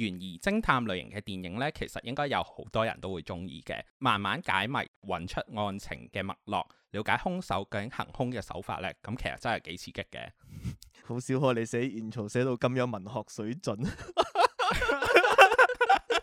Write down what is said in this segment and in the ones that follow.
懸疑偵探類型嘅電影呢，其實應該有好多人都會中意嘅。慢慢解謎，搵出案情嘅脈絡，了解凶手究竟行凶嘅手法呢。咁其實真係幾刺激嘅。好少可你寫現場，寫到咁樣文學水準，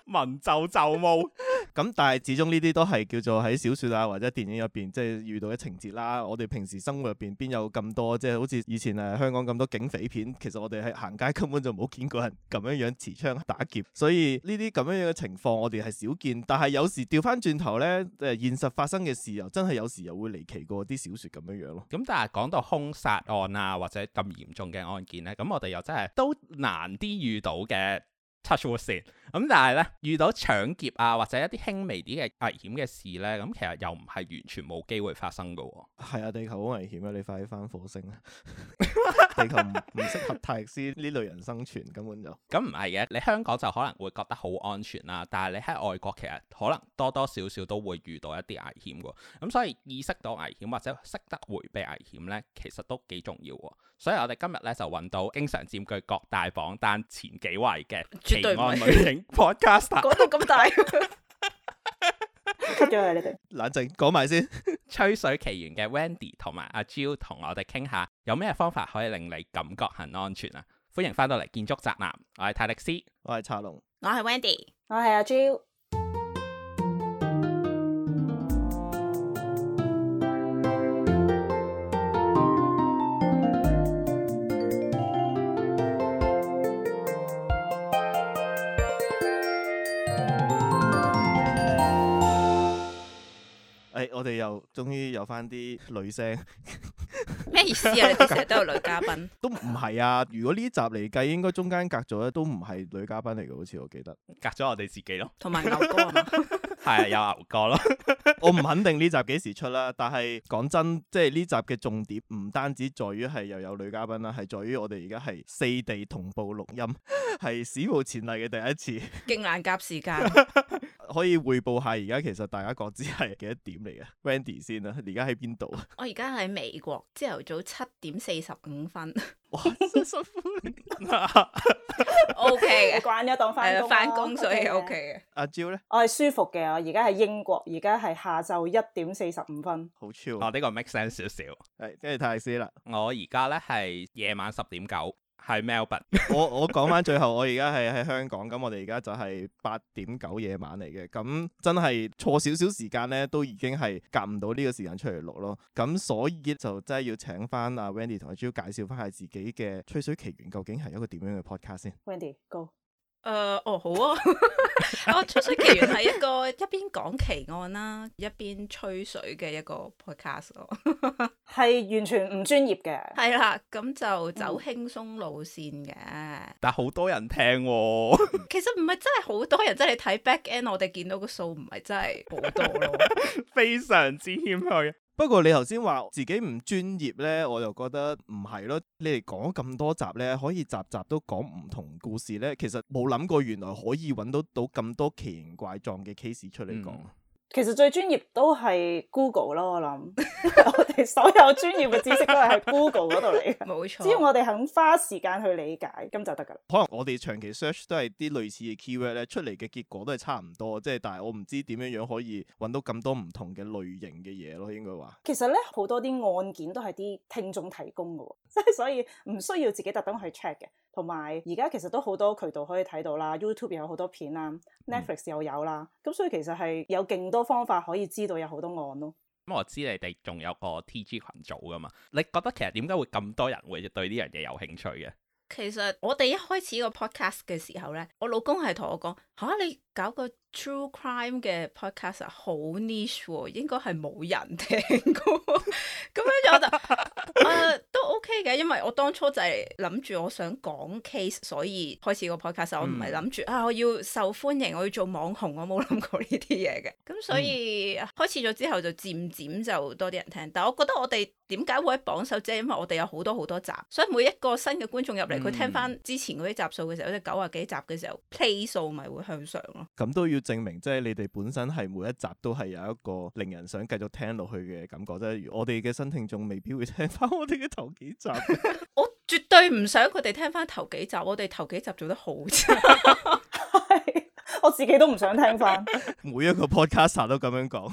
文就就冇。 咁但係始終呢啲都係叫做喺小説啊或者電影入邊即係遇到嘅情節啦。我哋平時生活入邊邊有咁多，即係好似以前誒香港咁多警匪片，其實我哋喺行街根本就冇見過人咁樣樣持槍打劫，所以呢啲咁樣樣嘅情況我哋係少見。但係有時調翻轉頭呢，誒現實發生嘅事又真係有時又會離奇過啲小説咁樣樣咯、嗯。咁但係講到兇殺案啊或者咁嚴重嘅案件呢，咁我哋又真係都難啲遇到嘅。咁，但係咧遇到搶劫啊，或者一啲輕微啲嘅危險嘅事咧，咁其實又唔係完全冇機會發生㗎、喎。係啊，地球好危險啊！你快啲返火星啦， 地球唔唔適合泰斯呢類人生存，根本就咁唔係嘅。你香港就可能會覺得好安全啦、啊，但係你喺外國其實可能多多少少都會遇到一啲危險嘅。咁所以意識到危險或者識得回避危險咧，其實都幾重要喎。所以我哋今日咧就搵到經常佔據各大榜單前幾位嘅。 奇案女性 podcast 講到咁大，跟住你哋度冷靜講埋先。 吹水奇懸嘅 Wendy 同埋阿 Jill 同我哋傾下，有咩方法可以令你感覺很安全啊？歡迎返到嚟建築宅男，我係泰力斯，我係茶龍，我係 Wendy，我係阿 Jill。誒、哎，我哋又終於有翻啲女聲，咩 意思啊？你哋成日都有女嘉賓， 都唔係啊！如果呢集嚟計，應該中間隔咗咧，都唔係女嘉賓嚟嘅，好似我記得，隔咗我哋自己咯，同埋牛哥啊係 啊，有牛哥咯。 我唔肯定呢集幾時出啦，但係講真，即係呢集嘅重點唔單止在於係又有女嘉賓啦，係在於我哋而家係四地同步錄音，係 史無前例嘅第一次，勁 難夾時間。 可以彙報下而家其實大家各自係幾多點嚟嘅，Wendy 先啦，而家喺邊度啊？在在我而家喺美國，朝頭早七點四十五分。 哇，辛苦。O K，關咗檔返工，所以 O K 嘅。阿 Jill 咧？我係舒服嘅，我而家喺英國，而家係下晝一點四十五分。好超。哦、啊，呢、呢個 make sense 少少。係，跟住太先啦。我而家咧係夜晚十點九。係 I Melbourne， 我我講翻最後，我而家係喺香港，咁 我哋而家就係八點九夜晚嚟嘅，咁真係錯少少時間咧，都已經係夾唔到呢個時間出嚟錄咯，咁所以就真係要請翻阿 Wendy 同阿 Jill 介紹翻下自己嘅《吹水奇懸》究竟係一個點樣嘅 podcast 先。Wendy，go。誒，哦、uh, oh, wow. oh,，好啊！我吹水奇懸係一個一邊講奇案啦， 一邊吹水嘅一個 podcast 咯，係 完全唔專業嘅。係啦， 咁就走輕鬆路綫嘅。嗯、 但係好多人聽、哦， 其實唔係真係好多人，即係你睇 back end，我哋見到個數唔係真係好多咯， 非常之謙虛。不過你頭先話自己唔專業咧，我就覺得唔係咯。你哋講咁多集咧，可以集集都講唔同故事咧，其實冇諗過原來可以揾到到咁多奇形怪狀嘅 case 出嚟講。嗯其實最專業都係 Google 咯，我諗 我哋所有專業嘅知識都係喺 Google 嗰度嚟嘅，冇錯 錯。只要我哋肯花時間去理解，咁就得噶啦。可能我哋長期 search 都係啲類似嘅 keyword 咧，出嚟嘅結果都係差唔多，即係但係我唔知點樣樣可以搵到咁多唔同嘅類型嘅嘢咯，應該話。其實咧，好多啲案件都係啲聽眾提供嘅，即係所以唔需要自己特登去 check 嘅。同埋而家其實都好多渠道可以睇到啦，YouTube 有好多片啦，Netflix 又有啦，咁、嗯、所以其實係有勁多方法可以知道有好多案咯。咁、嗯、我知你哋仲有個 TG 群組㗎嘛？你覺得其實點解會咁多人會對呢樣嘢有興趣嘅？其實我哋一開始個 podcast 嘅時候咧，我老公係同我講。吓、啊！你搞個 true crime 嘅 podcast 好、啊、niche 喎、哦，應該係冇人聽嘅。咁 樣我就 啊都 OK 嘅，因為我當初就係諗住我想講 case，所以開始個 podcast、嗯。我唔係諗住啊，我要受歡迎，我要做網紅，我冇諗過呢啲嘢嘅。咁、嗯、所以開始咗之後，就漸漸就多啲人聽。但係我覺得我哋點解會喺榜首啫？因為我哋有好多好多集，所以每一個新嘅觀眾入嚟，佢聽翻之前嗰啲集數嘅時候，好似九啊幾集嘅時候 play 數咪會，向上咯，咁都要證明，即係你哋本身係每一集都係有一個令人想繼續聽落去嘅感覺啫。即係我哋嘅新聽眾未必會聽翻我哋嘅頭幾集，我絕對唔想佢哋聽翻頭幾集。我哋頭幾集做得好差，我自己都唔想聽翻。 每一個 podcast 都咁樣講，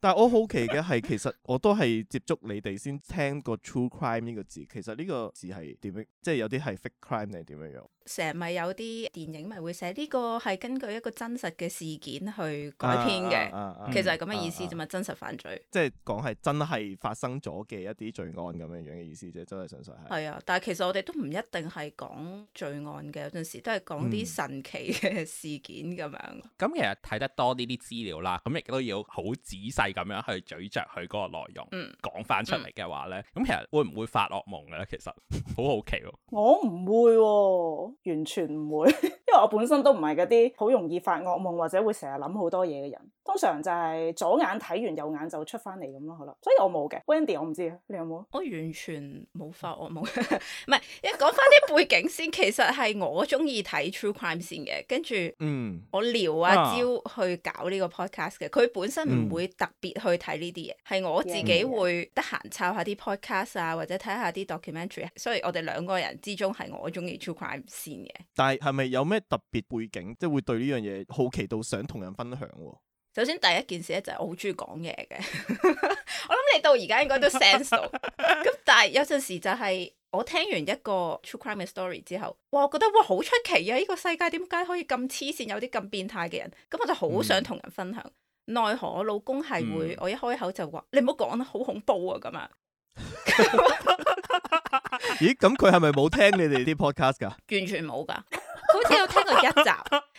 但係我好奇嘅係，其實我都係接觸你哋先聽個 true crime 呢個字，其實呢個字係點樣？即係有啲係 fake crime 定係點樣樣？成日咪有啲電影咪會寫呢、這個係根據一個真實嘅事件去改編嘅，啊啊啊嗯、其實係咁嘅意思啫嘛，啊啊、真實犯罪，即係講係真係發生咗嘅一啲罪案咁樣樣嘅意思啫，真係純粹係。係啊，但係其實我哋都唔一定係講罪案嘅，有陣時都係講啲神奇嘅事件咁樣。咁、嗯嗯嗯、其實睇得多呢啲資料啦，咁亦都要好仔細咁樣去咀嚼佢嗰個內容，講翻出嚟嘅話咧，咁、嗯、其實會唔會發噩夢咧？其實好好奇喎、喔。我唔會喎、啊。完全唔會。因為我本身都唔係嗰啲好容易發噩夢或者會成日諗好多嘢嘅人，通常就係左眼睇完右眼就出翻嚟咁咯，好啦，所以我冇嘅。Wendy，我唔知啊，你有冇？我完全冇發噩夢， 唔係。講翻啲背景先， 其實係我中意睇 true crime 先嘅，跟住嗯，我聊阿蕉去搞呢個 podcast 嘅，佢本身唔會特別去睇呢啲嘢，係、嗯、我自己會得閒抄下啲 podcast 啊，或者睇下啲 documentary。所以我哋兩個人之中係我中意 true crime 先嘅。但係係咪有咩？特別背景，即係會對呢樣嘢好奇到想同人分享、哦。首先第一件事咧就係、是、我好中意講嘢嘅，我諗你到而家應該都 sense 到 咁，但係有陣時就係、是、我聽完一個 true crime story 之後，哇，我覺得哇好出奇啊！呢、這個世界點解可以咁黐線，有啲咁變態嘅人？咁、嗯嗯嗯、我就好想同人分享。奈何我老公係會我一開口就話你唔好講得好恐怖啊，咁樣。咦？咁佢係咪冇聽你哋啲 podcast 噶？ 完全冇噶。好似有聽過一集，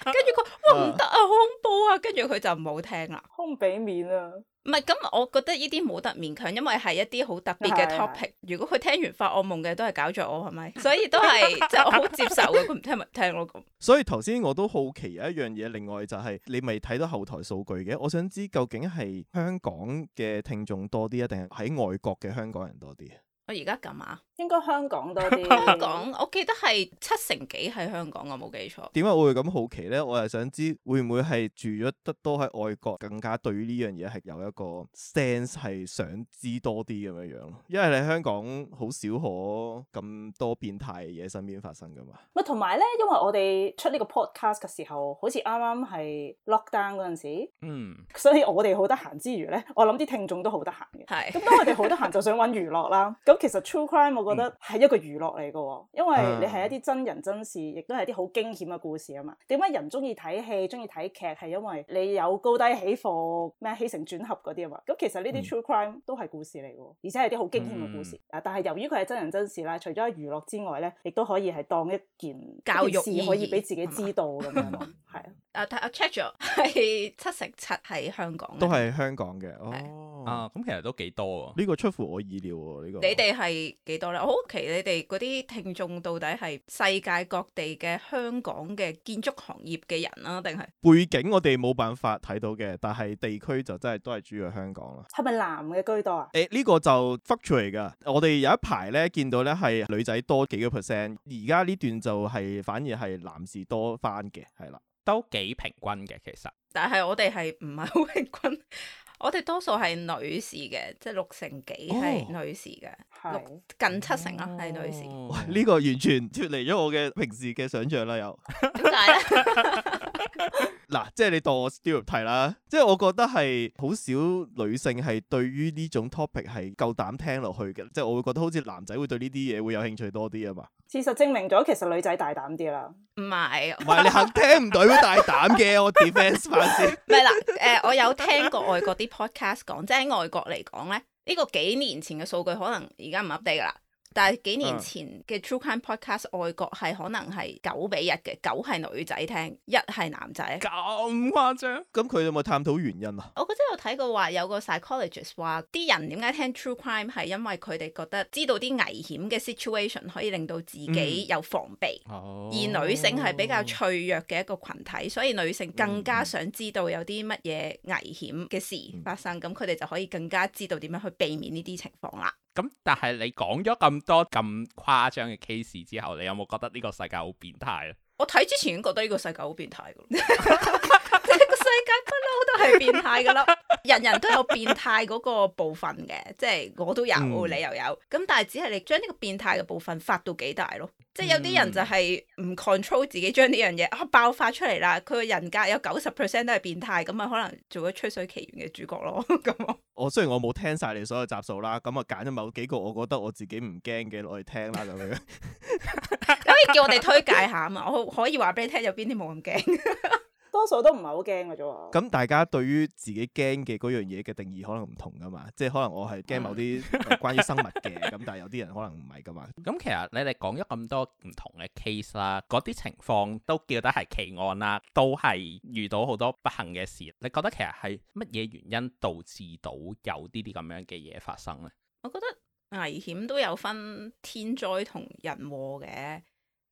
跟住佢哇，唔得啊，好恐怖啊，跟住佢就唔好聽啦，好唔俾面啊，唔係咁，我覺得呢啲冇得勉強，因為係一啲好特別嘅 topic。 的如果佢聽完發噩夢嘅，都係搞着我係咪？所以都係即係我好接受嘅，佢唔聽咪聽咯咁。所以頭先我都好奇有一樣嘢，另外就係你咪睇到後台數據嘅，我想知究竟係香港嘅聽眾多啲啊，定係喺外國嘅香港人多啲 我而家咁啊！應該香港多啲。 香港，我記得係七成幾喺香港，我冇記錯。點解我會咁好奇咧？我係想知會唔會係住咗得多喺外國，更加對於呢樣嘢，係有一個 sense 係想知多啲咁樣樣咯。因為喺香港好少可咁多變態嘢身邊發生噶嘛。咪同埋咧，因為我哋出呢個 podcast 嘅時候，好似啱啱係 lockdown 嗰陣時，嗯，所以我哋好得閒之餘咧，我諗啲聽眾都好得閒嘅。係咁是，當我哋好得閒，就想揾娛樂啦。咁 其實 true crime。我覺得係一個娛樂嚟嘅，因為你係一啲真人真事，亦都係啲好驚險嘅故事啊嘛。點解人中意睇戲、中意睇劇，係因為你有高低起伏、咩起承轉合嗰啲啊嘛。咁其實呢啲 true crime 都係故事嚟嘅，而且係啲好驚險嘅故事。啊、嗯，但係由於佢係真人真事啦，除咗係娛樂之外咧，亦都可以係當一件教育，事可以俾自己知道咁樣咯，係啊。 啊！我 check 咗，係七成七喺香港。都係香港嘅，哦啊！咁其實都幾多啊？呢個出乎我意料喎，呢個。你哋係幾多咧？我好奇你哋嗰啲聽眾到底係世界各地嘅香港嘅建築行業嘅人啦、啊，定係背景？我哋冇辦法睇到嘅，但係地區就真係都係主要香港啦。係咪男嘅居多啊？誒、欸，呢個就 factor 嚟噶。我哋有一排咧見到咧係女仔多幾個 percent，而家呢段就係反而係男士多翻嘅，係啦。都幾平均嘅其實，但係我哋係唔係好平均，我哋多數係女士嘅，即係六成幾係女士嘅，六、哦、近七成啦係女士。呢、哦、個完全脫離咗我嘅平時嘅想象啦，又點解咧？ 嗱，即係你當我 Stupid 睇啦，即係我覺得係好少女性係對於呢種 topic 係夠膽聽落去嘅，即係我會覺得好似男仔會對呢啲嘢會有興趣多啲啊嘛。事實證明咗，其實女仔大膽啲啦，唔係是，唔係 你肯聽唔到，大膽嘅我 defend 翻先。唔係啦，誒、呃，我有聽過外國啲 podcast 講，即係喺外國嚟講咧，呢、這個幾年前嘅數據可能而家唔 update 噶啦。但係幾年前嘅 True Crime Podcast，外國係可能係九比一嘅，九係女仔聽，一係男仔。咁誇張？咁佢有冇探討原因啊？我覺得有睇過話，有個 psychologist 話啲人點解聽 True Crime 係因為佢哋覺得知道啲危險嘅 situation 可以令到自己有防備。嗯。而女性係比較脆弱嘅一個群體，所以女性更加想知道有啲乜嘢危險嘅事發生，咁佢哋就可以更加知道點樣去避免呢啲情況啦。咁但係你講咗咁多咁誇張嘅 case 之後，你有冇覺得呢個世界好變態啊？我睇之前已經覺得呢個世界好變態㗎。 世界不嬲都係變態噶啦， 人人都有變態嗰個部分嘅，即係我都有，你又、嗯、有，咁但係只係你將呢個變態嘅部分發到幾大咯？即係有啲人就係唔 control 自己，將呢樣嘢啊爆發出嚟啦！佢個人格有九十 percent 都係變態，咁啊可能做咗吹水奇懸嘅主角咯。咁我、嗯、 雖然我冇聽晒你所有集數啦，咁啊揀咗某幾個我覺得我自己唔驚嘅落去聽啦，咁樣 可以叫我哋推介下啊嘛？我可以話俾你聽有，有邊啲冇咁驚。多數都唔係好驚嘅啫喎。咁大家對於自己驚嘅嗰樣嘢嘅定義可能唔同噶嘛，即係可能我係驚某啲關於生物嘅，咁 但係有啲人可能唔係噶嘛。咁其實你哋講咗咁多唔同嘅 case 啦，嗰啲情況都叫得係奇案啦，都係遇到好多不幸嘅事。你覺得其實係乜嘢原因導致到有呢啲咁樣嘅嘢發生呢？我覺得危險都有分天災同人禍嘅。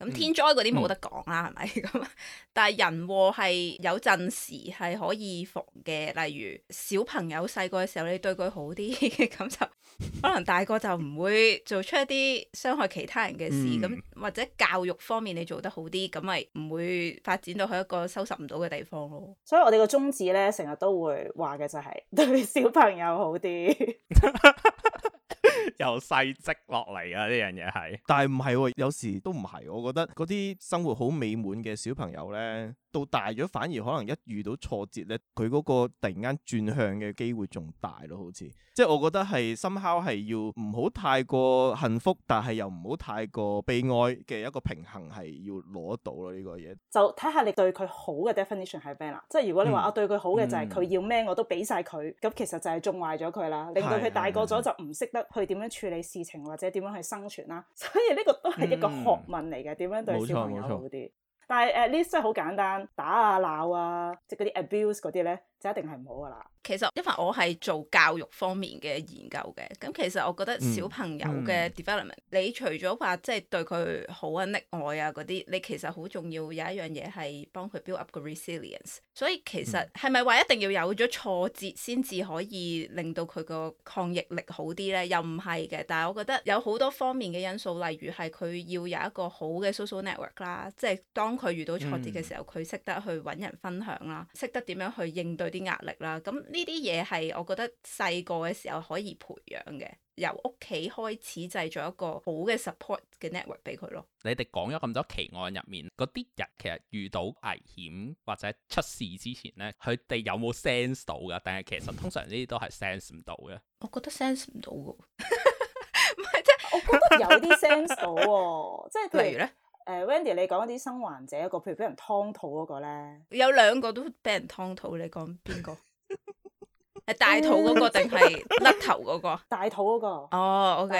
咁、嗯、天災嗰啲冇得講啦，係咪、嗯？咁不 但係人禍係有陣時係可以防嘅，例如小朋友細個嘅時候你對佢好啲，嘅 咁就可能大個就唔會做出一啲傷害其他人嘅事。咁、嗯、或者教育方面你做得好啲，咁咪唔會發展到去一個收拾唔到嘅地方咯。所以我哋個宗旨咧，成日都會話嘅就係對小朋友好啲。 由細積落嚟啊！呢樣嘢係，但係唔係喎，有時都唔係。我覺得嗰啲生活好美滿嘅小朋友咧，到大咗反而可能一遇到挫折咧，佢嗰個突然間轉向嘅機會仲大咯，好似即係我覺得係深刻係要唔好太過幸福，但係又唔好太過悲哀嘅一個平衡係要攞到咯呢個嘢。就睇下你對佢好嘅 definition 係咩啦。即係如果你話我對佢好嘅就係佢要咩我都俾晒佢，咁、嗯嗯、其實就係縱壞咗佢啦。令到佢大個咗就唔識得去點。處理事情或者點樣去生存啦，所以呢個都係一個學問嚟嘅，點樣、嗯、對小朋友好啲。但係誒 at least 即係好簡單打啊鬧啊，即係啲 abuse 啲咧，就一定係唔好噶啦。其實因為我係做教育方面嘅研究嘅，咁其實我覺得小朋友嘅 development，、嗯嗯、你除咗話即係對佢好啊溺愛啊啲，你其實好重要有一樣嘢係幫佢 build up 個 resilience。所以其實係咪話一定要有咗挫折先至可以令到佢個抗逆力好啲咧？又唔係嘅。但係我覺得有好多方面嘅因素，例如係佢要有一個好嘅 social network 啦，即係當。佢遇到挫折嘅時候，佢識得去揾人分享啦，識得點樣去應對啲壓力啦。咁呢啲嘢係我覺得細個嘅時候可以培養嘅，由屋企開始製造一個好嘅 support 嘅 network 俾佢咯。你哋講咗咁多奇案入面嗰啲人，其實遇到危險或者出事之前咧，佢哋有冇 sense 到嘅？定係其實通常呢啲都係 sense 唔到嘅。我覺得 sense 唔到嘅，唔係即係我覺得有啲 sense 到喎，即係譬如咧。誒，Wendy，你講啲生還者一個，譬如俾人劏肚嗰個咧，有兩個都俾人劏肚，你講邊個？誒，大肚嗰個定係甩頭嗰個？大肚嗰個。哦，OK。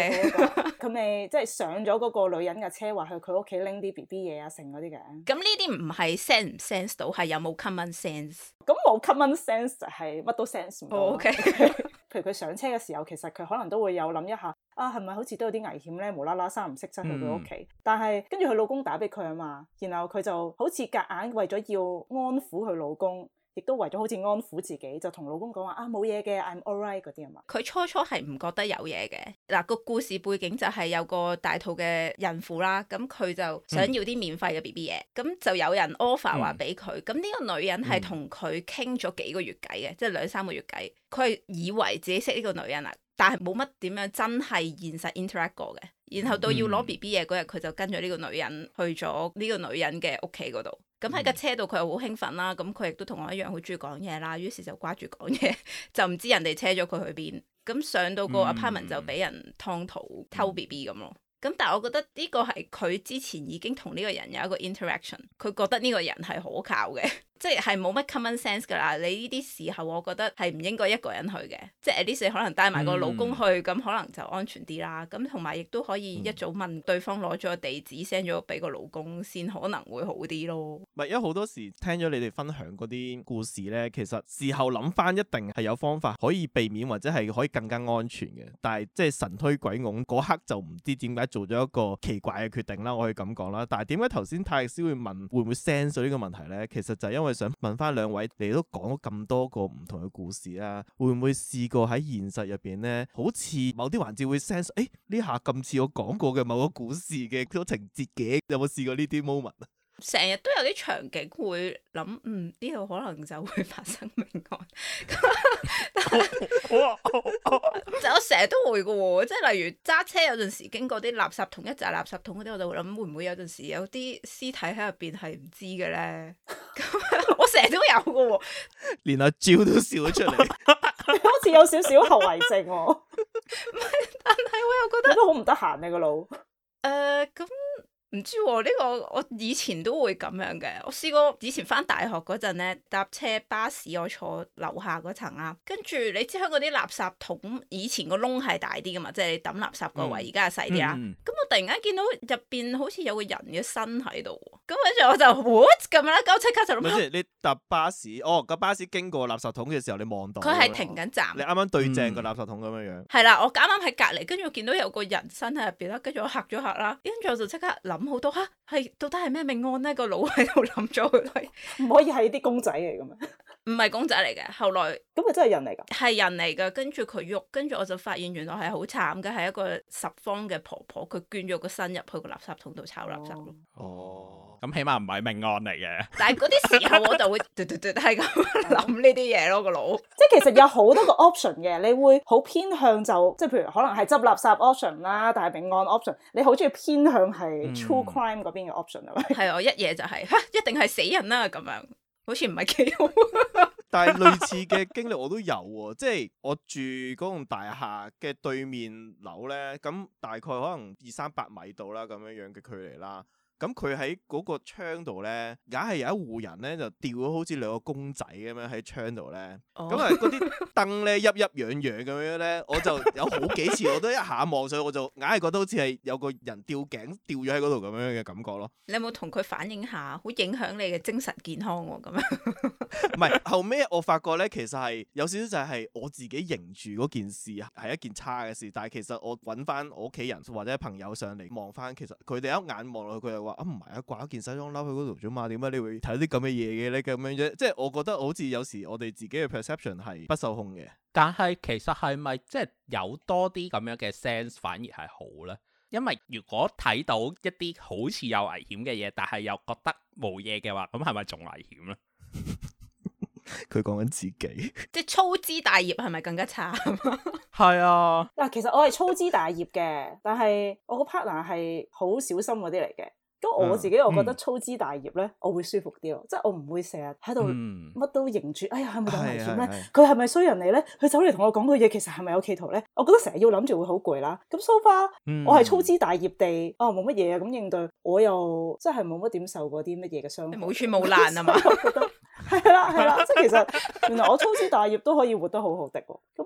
咁你即係上咗嗰個女人嘅車，話去佢屋企拎啲 BB 嘢啊剩嗰啲嘅。咁呢啲唔係 sense 唔 sense 到，係有冇 common sense？咁冇 common sense 就係乜都 sense 唔到。譬如佢上車嘅時候，其實佢可能都會有諗一下，啊，係咪好似都有啲危險咧？無啦啦，三唔識七去佢屋企， 但係跟住佢老公打俾佢啊嘛，然後佢就好似夾硬硬為咗要安撫佢老公。亦都為咗好似安撫自己，就同老公講話，啊，冇嘢嘅，I'm alright 嗰啲啊嘛。佢初初係唔覺得有嘢嘅。嗱，個故事背景就係有個大肚嘅孕婦啦，咁佢就想要啲免費嘅 B B 嘢，咁就有人 offer 話俾佢。咁呢、嗯、個女人係同佢傾咗幾個月偈嘅，即係兩三個月偈。佢係以為自己識呢個女人啊，但係冇乜點樣真係現實 interact 過嘅。然後到要攞 B B 嘢嗰日，佢就跟咗呢個女人去咗呢個女人嘅屋企嗰度。咁喺架車度佢又好興奮啦，咁佢亦都同我一樣好中意講嘢啦，於是就掛住講嘢， 就唔知人哋車咗佢去邊。咁上到個 apartment 就俾人湯土、mm hmm. 偷 BB 咁咯。咁但係我覺得呢個係佢之前已經同呢個人有一個 interaction，佢覺得呢個人係可靠嘅。 即係冇乜 common sense 㗎啦！你呢啲時候，我覺得係唔應該一個人去嘅。即係至少可能帶埋個老公去，咁、嗯、可能就安全啲啦。咁同埋亦都可以一早問對方攞咗個地址，send 咗俾個老公先，可能會好啲咯。唔係，因為好多時聽咗你哋分享嗰啲故事咧，其實事後諗返一定係有方法可以避免，或者係可以更加安全嘅。但係即係神推鬼拱嗰刻就唔知點解做咗一個奇怪嘅決定啦。我可以咁講啦。但係點解頭先泰師會問會唔會 send 咗呢個問題咧？其實就因為。想問翻兩位，你都講咗咁多個唔同嘅故事啦、啊，會唔會試過喺現實入邊咧，好似某啲環節會 sense，誒、哎、呢下咁似我講過嘅某個故事嘅嗰個情節嘅，有冇試過呢啲 moment 啊？成日都有啲場景會諗，嗯，呢度可能就會發生命案。就我成日都會噶，即係例如揸車有陣時經過啲垃圾桶、 一紮垃圾桶嗰啲，我就會諗會唔會有陣時有啲屍體喺入邊係唔知嘅咧。 我成日都有噶，連阿、啊、Jill 都笑咗出嚟， 你好似有少少後遺症、啊。 但係我又覺得都好唔得閒呀個腦腦。誒，咁。唔知喎、哦，呢、呢個我以前都會咁樣嘅。我試過以前翻大學嗰陣咧，搭車巴士我坐樓下嗰層啊。跟住你知唔知嗰啲垃圾桶以前個窿係大啲噶嘛？即係你抌垃圾個位，而家係細啲啊。咁、嗯、我突然間見到入邊好似有個人嘅身喺度，咁跟住我就 what 咁樣啦，即刻就諗住，你搭巴士，哦，個巴士經過垃圾桶嘅時候，你望到佢係停緊站，哦、你啱啱對正個垃圾桶咁樣樣。係啦、嗯嗯，我啱啱喺隔離，跟住我見到有個人身喺入邊啦，跟住我嚇咗嚇啦，跟住我就即刻諗。好多吓，係、啊、到底係咩命案咧？個腦喺度諗咗，佢唔可以係啲公仔嚟噶嘛？ 唔係公仔嚟嘅，後來咁佢真係人嚟噶？係人嚟嘅，跟住佢喐，跟住我就發現原來係好慘嘅，係一個拾荒嘅婆婆，佢捐咗個身入去個垃圾桶度炒垃圾咯。哦。哦，咁起碼唔係命案嚟嘅。但係嗰啲時候我就會嘟嘟嘟係咁諗呢啲嘢咯， 個腦。即係其實有好多個 option 嘅，你會好偏向就即係譬如可能係執垃圾 option 啦，但係命案 option，你好中意偏向係 true crime 嗰邊嘅 option 係咪，嗯？係 我一嘢就係、吓、一定係死人啦咁樣。好似唔係幾好 ， 但係類似嘅經歷我都有喎、哦， 即係我住嗰棟大廈嘅對面樓呢，咁大概可能二三百米度啦，咁樣樣嘅距離啦。咁佢喺嗰個窗度咧，硬係有一戶人咧就吊咗好似兩個公仔咁樣喺窗度咧。咁啊嗰啲燈咧，熠熠 樣樣咁樣咧，我就有好幾次 我都一下望上去，我就硬係覺得好似係有個人吊頸吊咗喺嗰度咁樣嘅感覺咯。你有冇同佢反映下？好影響你嘅精神健康喎，啊。咁樣？唔 係，後尾我發覺咧，其實係有少少就係我自己認住嗰件事係一件差嘅事。但係其實我揾翻我屋企人或者朋友上嚟望翻，其實佢哋一眼望落去，佢又話。啊唔係啊，掛一件西裝褸喺嗰度啫嘛，點解你會睇啲咁嘅嘢嘅咧？咁樣啫，即係我覺得好似有時我哋自己嘅 perception 係不受控嘅。但係其實係咪即係有多啲咁樣嘅 sense 反而係好咧？因為如果睇到一啲好似有危險嘅嘢，但係又覺得冇嘢嘅話，咁係咪仲危險咧？佢講緊自己，即係粗枝大葉係咪更加慘？係 啊，嗱，其實我係粗枝大葉嘅，但係我個 partner 係好小心嗰啲嚟嘅。咁我自己，我覺得粗枝大葉咧，我會舒服啲咯。即係我唔會成日喺度乜都迎住。哎呀，係咪咁危險咧？佢係咪衰人嚟咧？佢走嚟同我講句嘢，其實係咪有企圖咧？我覺得成日要諗住會好攰啦。咁 so far，、嗯、我係粗枝大葉地啊，冇乜嘢咁應對。我又即係冇乜點受過啲乜嘢嘅傷。冇穿冇爛啊嘛， 我覺得係啦係啦，啦，啦。即係其實原來我粗枝大葉都可以活得好好的喎。咁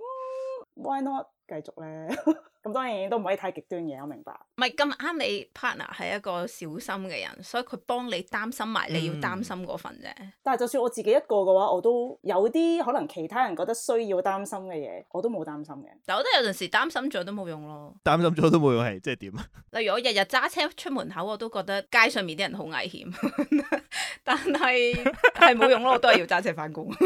why not 繼續咧？ 咁當然都唔可以太極端嘅，我明白。唔係咁啱，你 partner 係一個小心嘅人，所以佢幫你擔心埋你、嗯、要擔心嗰份啫。但係就算我自己一個嘅話，我都有啲可能其他人覺得需要擔心嘅嘢，我都冇擔心嘅。但我覺得有陣時擔心咗都冇用咯。擔心咗都冇用係即係點啊？例如我日日揸車出門口，我都覺得街上面啲人好危險， 但係係冇用咯，我都係要揸車翻工。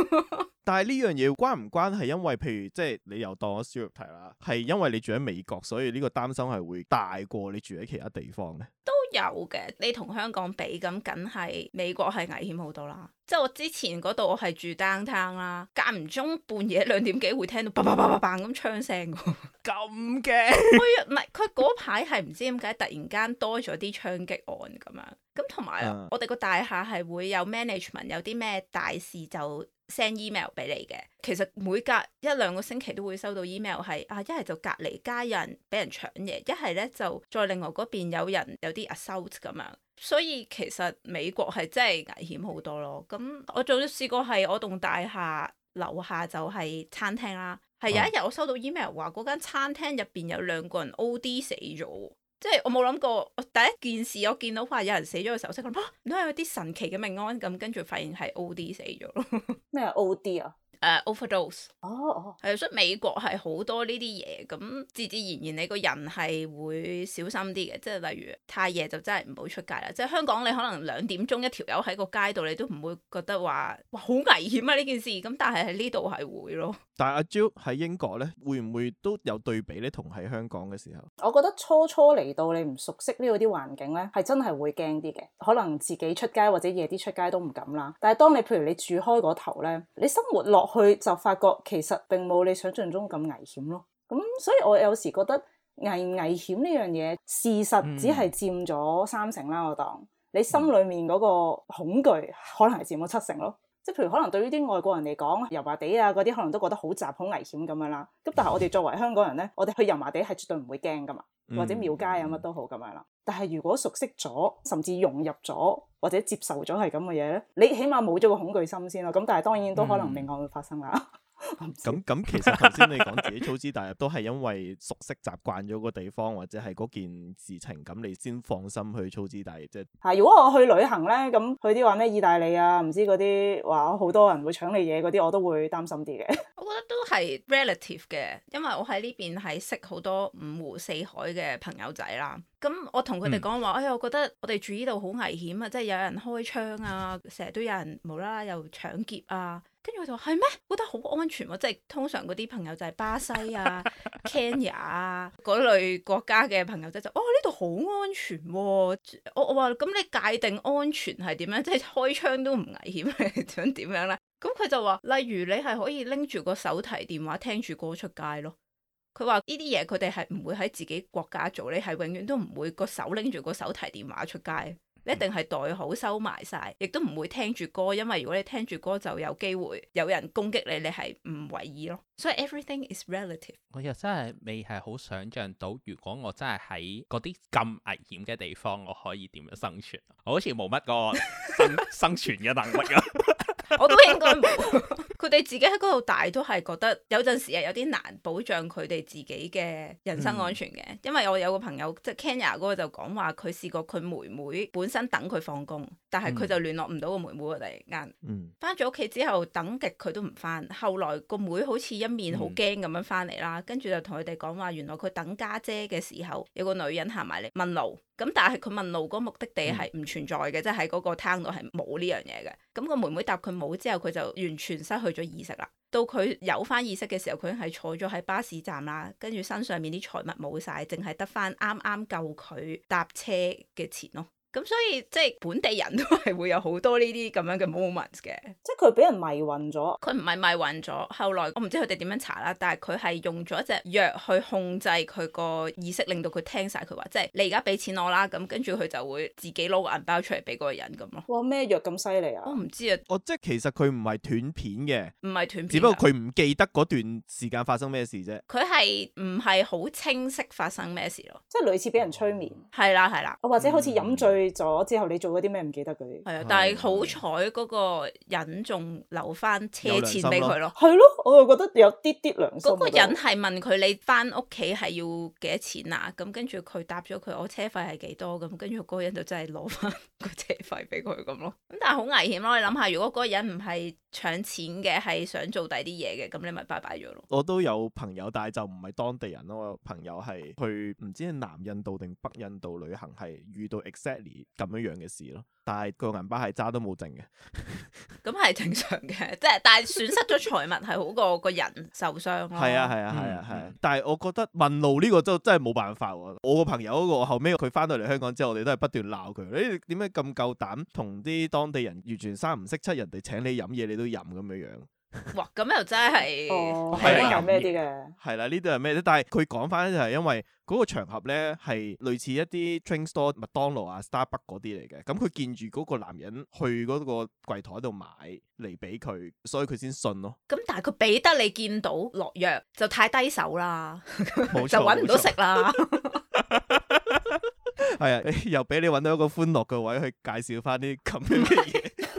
但係呢樣嘢關唔關係？因為譬如，譬如即係你又當咗肖玉提啦，係因為你住喺美國。所以呢個擔心係會大過你住喺其他地方咧，都有嘅。你同香港比咁，梗係美國係危險好多啦。即係我之前嗰度，我係住 downtown 啦，間唔中半夜兩點幾會聽到 bang bang bang bang bang 咁槍聲喎，咁驚！ 佢唔係佢嗰排係唔知點解突然間多咗啲槍擊案咁樣，咁同埋我哋個大廈係會有 management 有啲咩大事就，send email 俾你嘅，其實每隔一兩個星期都會收到 email 係啊，一係就隔離家人俾人搶嘢，一係咧就再另外嗰邊有人有啲 assault 咁樣，所以其實美國係真係危險好多咯。咁我仲試過係我棟大廈樓下就係餐廳啦，啊，係有一日我收到 email 話嗰間餐廳入邊有兩個人 OD 死咗。即係我冇諗過，我第一件事我見到話有人死咗嘅時候，我識諗啊，唔通係有啲神奇嘅命案咁，跟住發現係 O.D. 死咗咯。咩 O.D. 啊？誒、uh, Overdose 哦哦，係，所以美國係好多呢啲嘢，咁自自然然你個人係會小心啲嘅，即係例如太夜就真係唔好出街啦。即係香港你可能兩點鐘一條友喺個街度，你都唔會覺得話哇好危險啊呢件事。咁但係喺呢度係會咯。但係阿 Jill 喺英國咧，會唔會都有對比咧？同喺香港嘅時候，我覺得初初嚟到你唔熟悉呢嗰啲環境咧，係真係會驚啲嘅。可能自己出街或者夜啲出街都唔敢啦。但係當你譬如你住開嗰頭咧，你生活落。佢就發覺其實並冇你想象中咁危險咯，咁所以我有時覺得危危險呢樣嘢事實只係佔咗三成啦，我當你心裡面嗰個恐懼可能係佔咗七成咯，即係譬如可能對於啲外國人嚟講油麻地啊嗰啲可能都覺得好雜好危險咁樣啦，咁但係我哋作為香港人咧，我哋去油麻地係絕對唔會驚㗎嘛。或者廟街有乜都好咁樣啦，但係如果熟悉咗，甚至融入咗或者接受咗係咁嘅嘢咧，你起碼冇咗個恐懼心先咯。咁但係當然都可能另外會發生啦。 咁咁 其實頭先你講自己粗枝大葉都係因為熟悉習慣咗個地方或者係嗰件事情，咁你先放心去粗枝大葉啫。吓、就係，如果我去旅行咧，咁去啲話咩意大利啊，唔知嗰啲話好多人會搶你嘢，嗰啲我都會擔心啲嘅。我覺得都係 relative 嘅，因為我喺呢邊係識好多五湖四海嘅朋友仔啦。咁我同佢哋講話，嗯、哎呀，我覺得我哋住依度好危險啊！即係有人開槍啊，成日都有人無啦啦又搶劫啊。跟住我就話係咩？覺得好安全喎、啊！即係通常嗰啲朋友就係巴西啊、 Kenya 啊嗰類國家嘅朋友就就，哦呢度好安全喎、啊！我我話咁你界定安全係點樣？即係開槍都唔危險，你想點樣咧？咁佢就話，例如你係可以拎住個手提電話聽住歌出街咯。佢話呢啲嘢佢哋係唔會喺自己國家做，你係永遠都唔會個手拎住個手提電話出街，你一定係袋好收埋晒，亦都唔會聽住歌，因為如果你聽住歌就有機會有人攻擊你，你係唔為意咯。所以 everything is relative。我又真係未係好想象到，如果我真係喺嗰啲咁危險嘅地方，我可以點樣生存？我好似冇乜個生 生存嘅能力啊！ 我都應該冇，佢 哋自己喺嗰度大都係覺得有陣時係有啲難保障佢哋自己嘅人身安全嘅，嗯、因為我有個朋友即係 Kenya 嗰個就講話，佢試過佢妹妹本身等佢放工，但係佢就聯絡唔到個妹妹突然間，翻咗屋企之後等極佢都唔翻，後來個妹，妹好似一面好驚咁樣翻嚟啦，跟住就同佢哋講話，原來佢等家姐嘅時候有個女人行埋嚟問路。咁但係佢問路嗰目的地係唔存在嘅，嗯、即係喺嗰個廳度係冇呢樣嘢嘅。咁、那個妹妹答佢冇之後，佢就完全失去咗意識啦。到佢有翻意識嘅時候，佢係坐咗喺巴士站啦，跟住身上面啲財物冇晒，淨係得翻啱啱夠佢搭車嘅錢咯。咁所以即係本地人都係會有好多呢啲咁樣嘅 moment 嘅，即係佢俾人迷暈咗，佢唔係迷暈咗。後來我唔知佢哋點樣查啦，但係佢係用咗一隻藥去控制佢個意識，令到佢聽晒佢話，即係你而家俾錢我啦，咁跟住佢就會自己攞個銀包出嚟俾嗰個人咁咯。哇，咩藥咁犀利啊？我唔知啊。我即係其實佢唔係斷片嘅，唔係斷片，只不過佢唔記得嗰段時間發生咩事啫。佢係唔係好清晰發生咩事咯？即係類似俾人催眠。係啦係啦，我或者好似飲醉。嗯咗之後，你做嗰啲咩唔記得佢。你係啊，但係好彩嗰個人仲留翻車錢俾佢咯。係咯，我就覺得有啲啲良心。嗰個人係問佢你翻屋企係要幾多錢啊？咁、啊、跟住佢答咗佢我車費係幾多？咁跟住嗰個人就真係攞翻個車費俾佢咁咯。咁但係好危險咯！你諗下，如果嗰個人唔係搶錢嘅，係想做第啲嘢嘅，咁你咪拜拜咗咯。我都有朋友，但係就唔係當地人咯。我有朋友係去唔知南印度定北印度旅行，係遇到 exactly。咁樣樣嘅事咯，但係個銀包係揸都冇剩嘅，咁 係正常嘅，即係但係損失咗財物係好過個人受傷。係啊係啊係啊係啊，但係我覺得問路呢個真真係冇辦法喎。我個朋友嗰個後尾佢翻到嚟香港之後，我哋都係不斷鬧佢，你點解咁夠膽同啲當地人完全三唔識七，人哋請你飲嘢你都飲咁樣樣。哇，咁又真係係有咩啲嘅？係啦、哦，呢度係咩咧？但係佢講翻就係因為嗰個場合咧係類似一啲 chain store、麥當勞啊、Starbuck 嗰啲嚟嘅。咁、嗯、佢見住嗰個男人去嗰個櫃台度買嚟俾佢，所以佢先信咯。咁但係佢俾得你見到落藥就太低手啦，冇錯 就搵唔到食啦。係啊，又俾你搵到一個歡樂嘅位去介紹翻啲咁樣嘅嘢。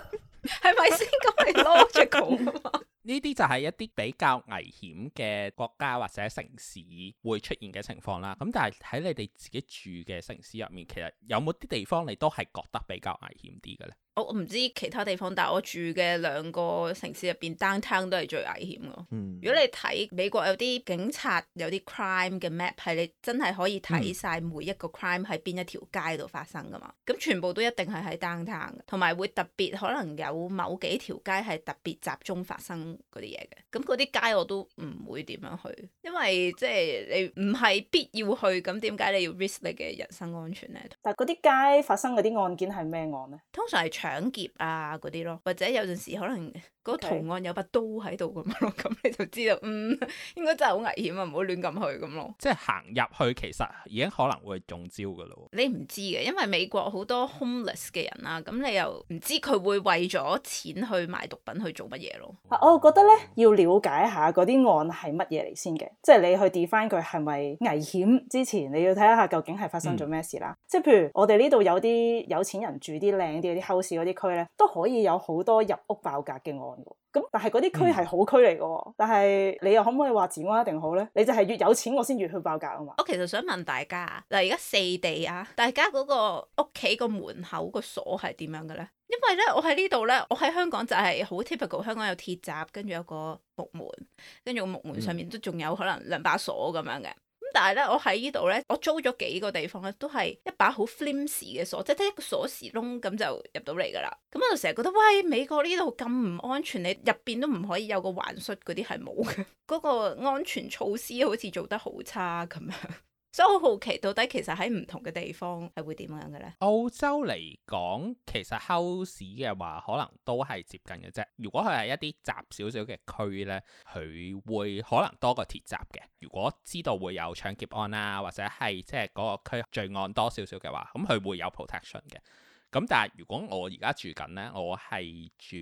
係咪先咁嚟攞著佢啊嘛？呢啲 就係一啲比較危險嘅國家或者城市會出現嘅情況啦。咁但係喺你哋自己住嘅城市入面，其實有冇啲地方你都係覺得比較危險啲嘅咧？我唔知其他地方，但係我住嘅兩個城市入邊，downtown 都係最危險噶。 如果你睇美國有啲警察有啲 crime 嘅 map，係你真係可以睇晒每一個 crime 喺邊一條街度發生噶嘛？咁全部都一定係喺 downtown 嘅，同埋會特別可能有某幾條街係特別集中發生嗰啲嘢嘅。咁嗰啲街我都唔會點樣去，因為即係你唔係必要去，咁點解你要 risk 你嘅人身安全咧？但係嗰啲街發生嗰啲案件係咩案咧？通常係。搶劫啊嗰啲咯，或者有陣時可能嗰個案有把刀喺度咁樣咯，咁 Okay. 你就知道嗯，應該真係好危險啊，唔好亂咁去咁咯。即係行入去其實已經可能會中招噶咯。你唔知嘅，因為美國好多 homeless 嘅人啦、啊，咁你又唔知佢會為咗錢去賣毒品去做乜嘢咯、啊。我覺得咧要了解下嗰啲案係乜嘢嚟先嘅，即係你去 define 佢係咪危險之前，你要睇下究竟係發生咗咩事啦。嗯、即係譬如我哋呢度有啲有錢人住啲靚啲嘅啲區咧都可以有好多入屋爆格嘅案㗎，咁但係嗰啲區係好區嚟㗎，但係你又可唔可以話治安一定好咧？你就係越有錢，我先越去爆格啊嘛。我其實想問大家啊，嗱而家四地啊，大家嗰個屋企個門口個鎖係點樣嘅咧？因為咧我喺呢度咧，我喺香港就係好 typical，香港有鐵閘，跟住有個木門，跟住個木門上面都仲有可能兩把鎖咁樣嘅。但係咧，我喺呢度咧，我租咗幾個地方咧，都係一把好 flimsy 嘅鎖，即係得一個鎖匙窿咁就入到嚟噶啦。咁我就成日覺得，喂，美國呢度咁唔安全，你入邊都唔可以有個環鎖，嗰啲係冇嘅，嗰 個安全措施好似做得好差咁樣。 所以好好奇到底其實喺唔同嘅地方係會點樣嘅呢？澳洲嚟講，其實 house 嘅話可能都係接近嘅啫。如果佢係一啲雜少少嘅區呢，佢會可能多個鐵閘嘅。如果知道會有搶劫案啊，或者係即係嗰個區罪案多少少嘅話，咁佢會有 protection 嘅。咁但係如果我而家住緊呢，我係住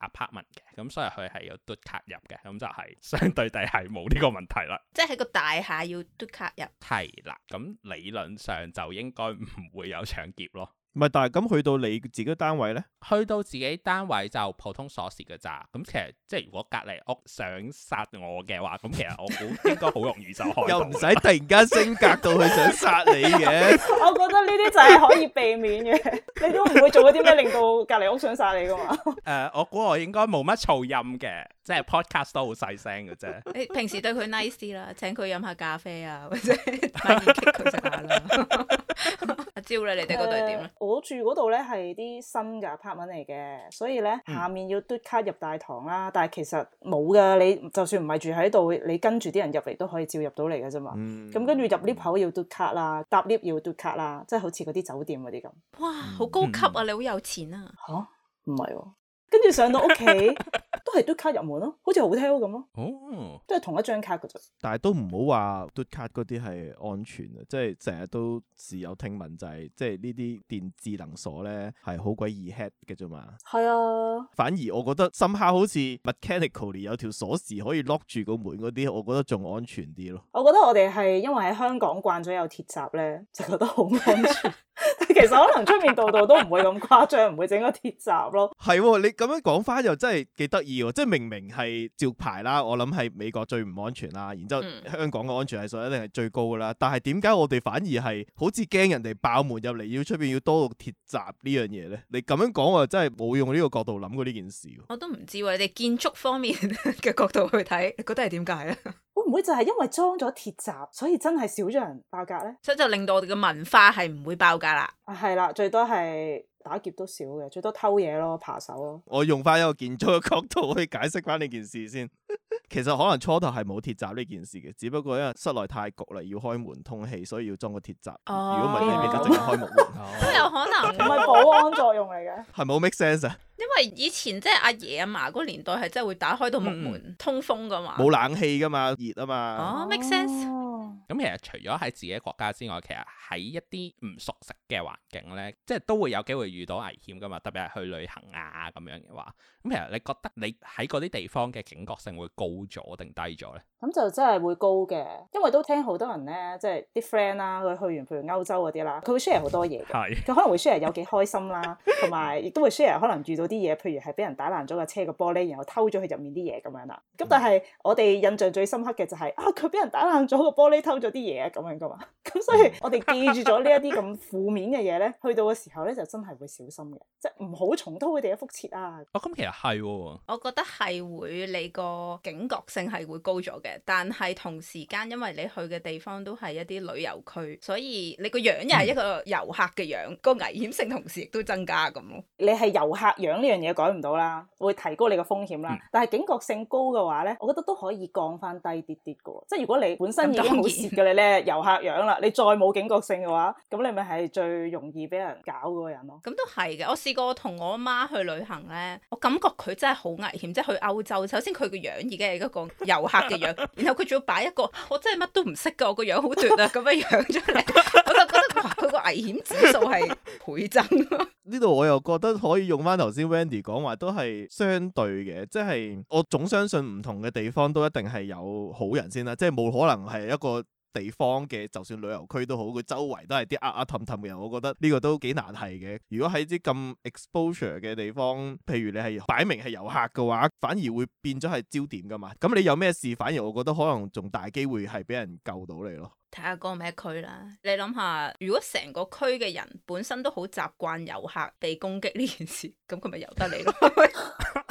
apartment 嘅，咁、嗯、所以佢係有篤卡入嘅，咁、嗯、就係、是、相對地係冇呢個問題啦。即係喺個大廈要篤卡入。係啦，咁、嗯、理論上就應該唔會有搶劫咯。唔係，但係咁去到你自己單位咧？去到自己單位就普通鎖匙嘅咋。咁其實即係如果隔籬屋想殺我嘅話，咁其實我估應該好容易就開。 又唔使突然間升格到去想殺你嘅。 我覺得呢啲就係可以避免嘅。 你都唔會做嗰啲咩令到隔籬屋想殺你噶嘛？誒、呃，我估我應該冇乜噪音嘅，即係 podcast 都好細聲嘅啫。你 平時對佢 nice 啦，請佢飲下咖啡啊，或者帶佢食下啦。 阿招你你哋嗰度係點咧？我住嗰度咧係啲新嘅 apartment 嚟嘅，所以咧下面要嘟卡入大堂啦、啊。但係其實冇噶你就算唔係住喺度，你跟住啲人入嚟都可以照入到嚟嘅啫嘛。咁跟住入 lift 口要嘟卡啦，搭 lift 要嘟卡啦，即係好似嗰啲酒店嗰啲咁。哇，好高級啊！你好有錢啊？吓、嗯，唔係喎。啊跟住上到屋企， 都係嘟卡入門咯，好似 hotel 咁咯，哦、都係同一張卡噶啫。但係都唔好話嘟卡嗰啲係安全啊，即係成日都時有聽聞就係、是，即係呢啲電智能鎖咧係好鬼易 hack 嘅啫嘛。係啊，反而我覺得深刻好似 mechanical 有條鎖匙可以 lock 住個門嗰啲，我覺得仲安全啲咯。我覺得我哋係因為喺香港慣咗有鐵閘咧，就覺得好安全。 其實可能出面度度都唔會咁誇張，唔會整個鐵閘咯。係， 你咁樣講翻又真係幾得意喎！即係明明係照牌啦，我諗係美國最唔安全啦，然之後香港嘅安全係數一定係最高噶啦。但係點解我哋反而係好似驚人哋爆門入嚟，要出面要多個鐵閘呢樣嘢咧？你咁樣講我就真係冇用呢個角度諗過呢件事。我都唔知喎，你哋建築方面嘅角度去睇，你覺得係點解咧？ 會唔會就係因為裝咗鐵閘，所以真係少咗人爆格咧？所以就令到我哋嘅文化係唔會爆格啦。啊，係啦，最多係。打劫都少嘅，最多偷嘢咯，扒手咯。我用翻一個建築嘅角度去解釋翻呢件事先。 其實可能初頭係冇鐵閘呢件事嘅，只不過因為室內太焗啦，要開門通氣，所以要裝個鐵閘。如果唔係，你而家直接開木門。都有可能，唔係保安作用嚟嘅。係冇 make sense 啊。因為以前即係阿爺阿嫲嗰年代係真係會打開到木門通風㗎嘛。冇冷氣㗎嘛，熱啊嘛。哦，make sense。 咁其實除咗喺自己國家之外，其實喺一啲唔熟悉嘅環境咧，即係都會有機會遇到危險噶嘛。特別係去旅行啊咁樣嘅話，咁其實你覺得你喺嗰啲地方嘅警覺性會高咗定低咗咧？咁就真係會高嘅，因為都聽好多人咧，即係啲 friend 啦，佢去完譬如歐洲嗰啲啦，佢會 share 好多嘢，佢是可能會 share 有幾開心啦，同埋亦都會 share 可能遇到啲嘢，譬如係俾人打爛咗個車個玻璃，然後偷咗佢入面啲嘢咁樣啦。咁但係我哋印象最深刻嘅就係、是、啊，佢俾人打爛咗個玻璃咗啲嘢咁樣噶嘛，咁所以我哋記住咗呢一啲咁負面嘅嘢咧，去到嘅時候咧就真係會小心嘅，即係唔好重蹈佢哋嘅覆轍啊。哦，咁其實係、哦，我覺得係會你個警覺性係會高咗嘅，但係同時間因為你去嘅地方都係一啲旅遊區，所以你個樣又係一個遊客嘅樣，個危險性同時亦都增加咁咯。 你係遊客樣呢樣嘢改唔到啦，會提高你個風險啦。但係警覺性高嘅話咧，我覺得都可以降翻低啲啲嘅，即係如果你本身已經你咧遊客樣啦，你再冇警覺性嘅話，咁你咪係最容易俾人搞嗰個人咯。咁都係嘅，我試過同我阿媽去旅行咧，我感覺佢真係好危險，即係去歐洲。首先佢個樣已經係一個遊客嘅樣，然後佢仲要擺一個我真係乜都唔識嘅，我個樣好短啊咁嘅樣樣出嚟，我就覺得佢個危險指數係倍增咯。呢度 我又覺得可以用翻頭先 Wendy 講話，都係相對嘅，即係我總相信唔同嘅地方都一定係有好人先啦，即係冇可能係一個。地方嘅就算旅遊區都好，佢周圍都係啲壓壓氹氹嘅人，我覺得呢個都幾難係嘅。如果喺啲咁 exposure 嘅地方，譬如你係擺明係遊客嘅話，反而會變咗係焦點噶嘛。咁你有咩事，反而我覺得可能仲大機會係俾人救到你咯。睇下個咩區啦，你諗下，如果成個區嘅人本身都好習慣遊客被攻擊呢件事，咁佢咪由得你咯。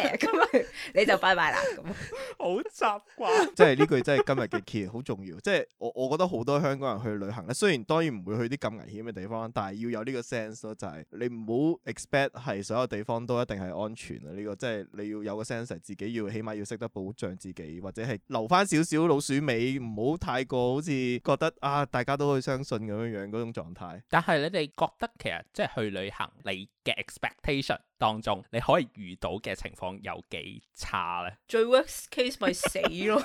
咁 你就拜拜啦！好習慣，即係呢句，呢個，真係今日嘅 key，好重要。即係我我覺得好多香港人去旅行咧，雖然當然唔會去啲咁危險嘅地方，但係要有呢個 sense 咯，就係，就係你唔好 expect 係所有地方都一定係安全啊。呢個即係你要有個 sense，自己要起碼要識得保障自己，或者係留翻少少老鼠尾，唔好太過好似覺得啊，大家都可以相信咁樣樣嗰種狀態。但係你哋覺得其實即係去旅行，你嘅 expectation？當中你可以遇到嘅情況有幾差咧？最 worst case 咪死咯，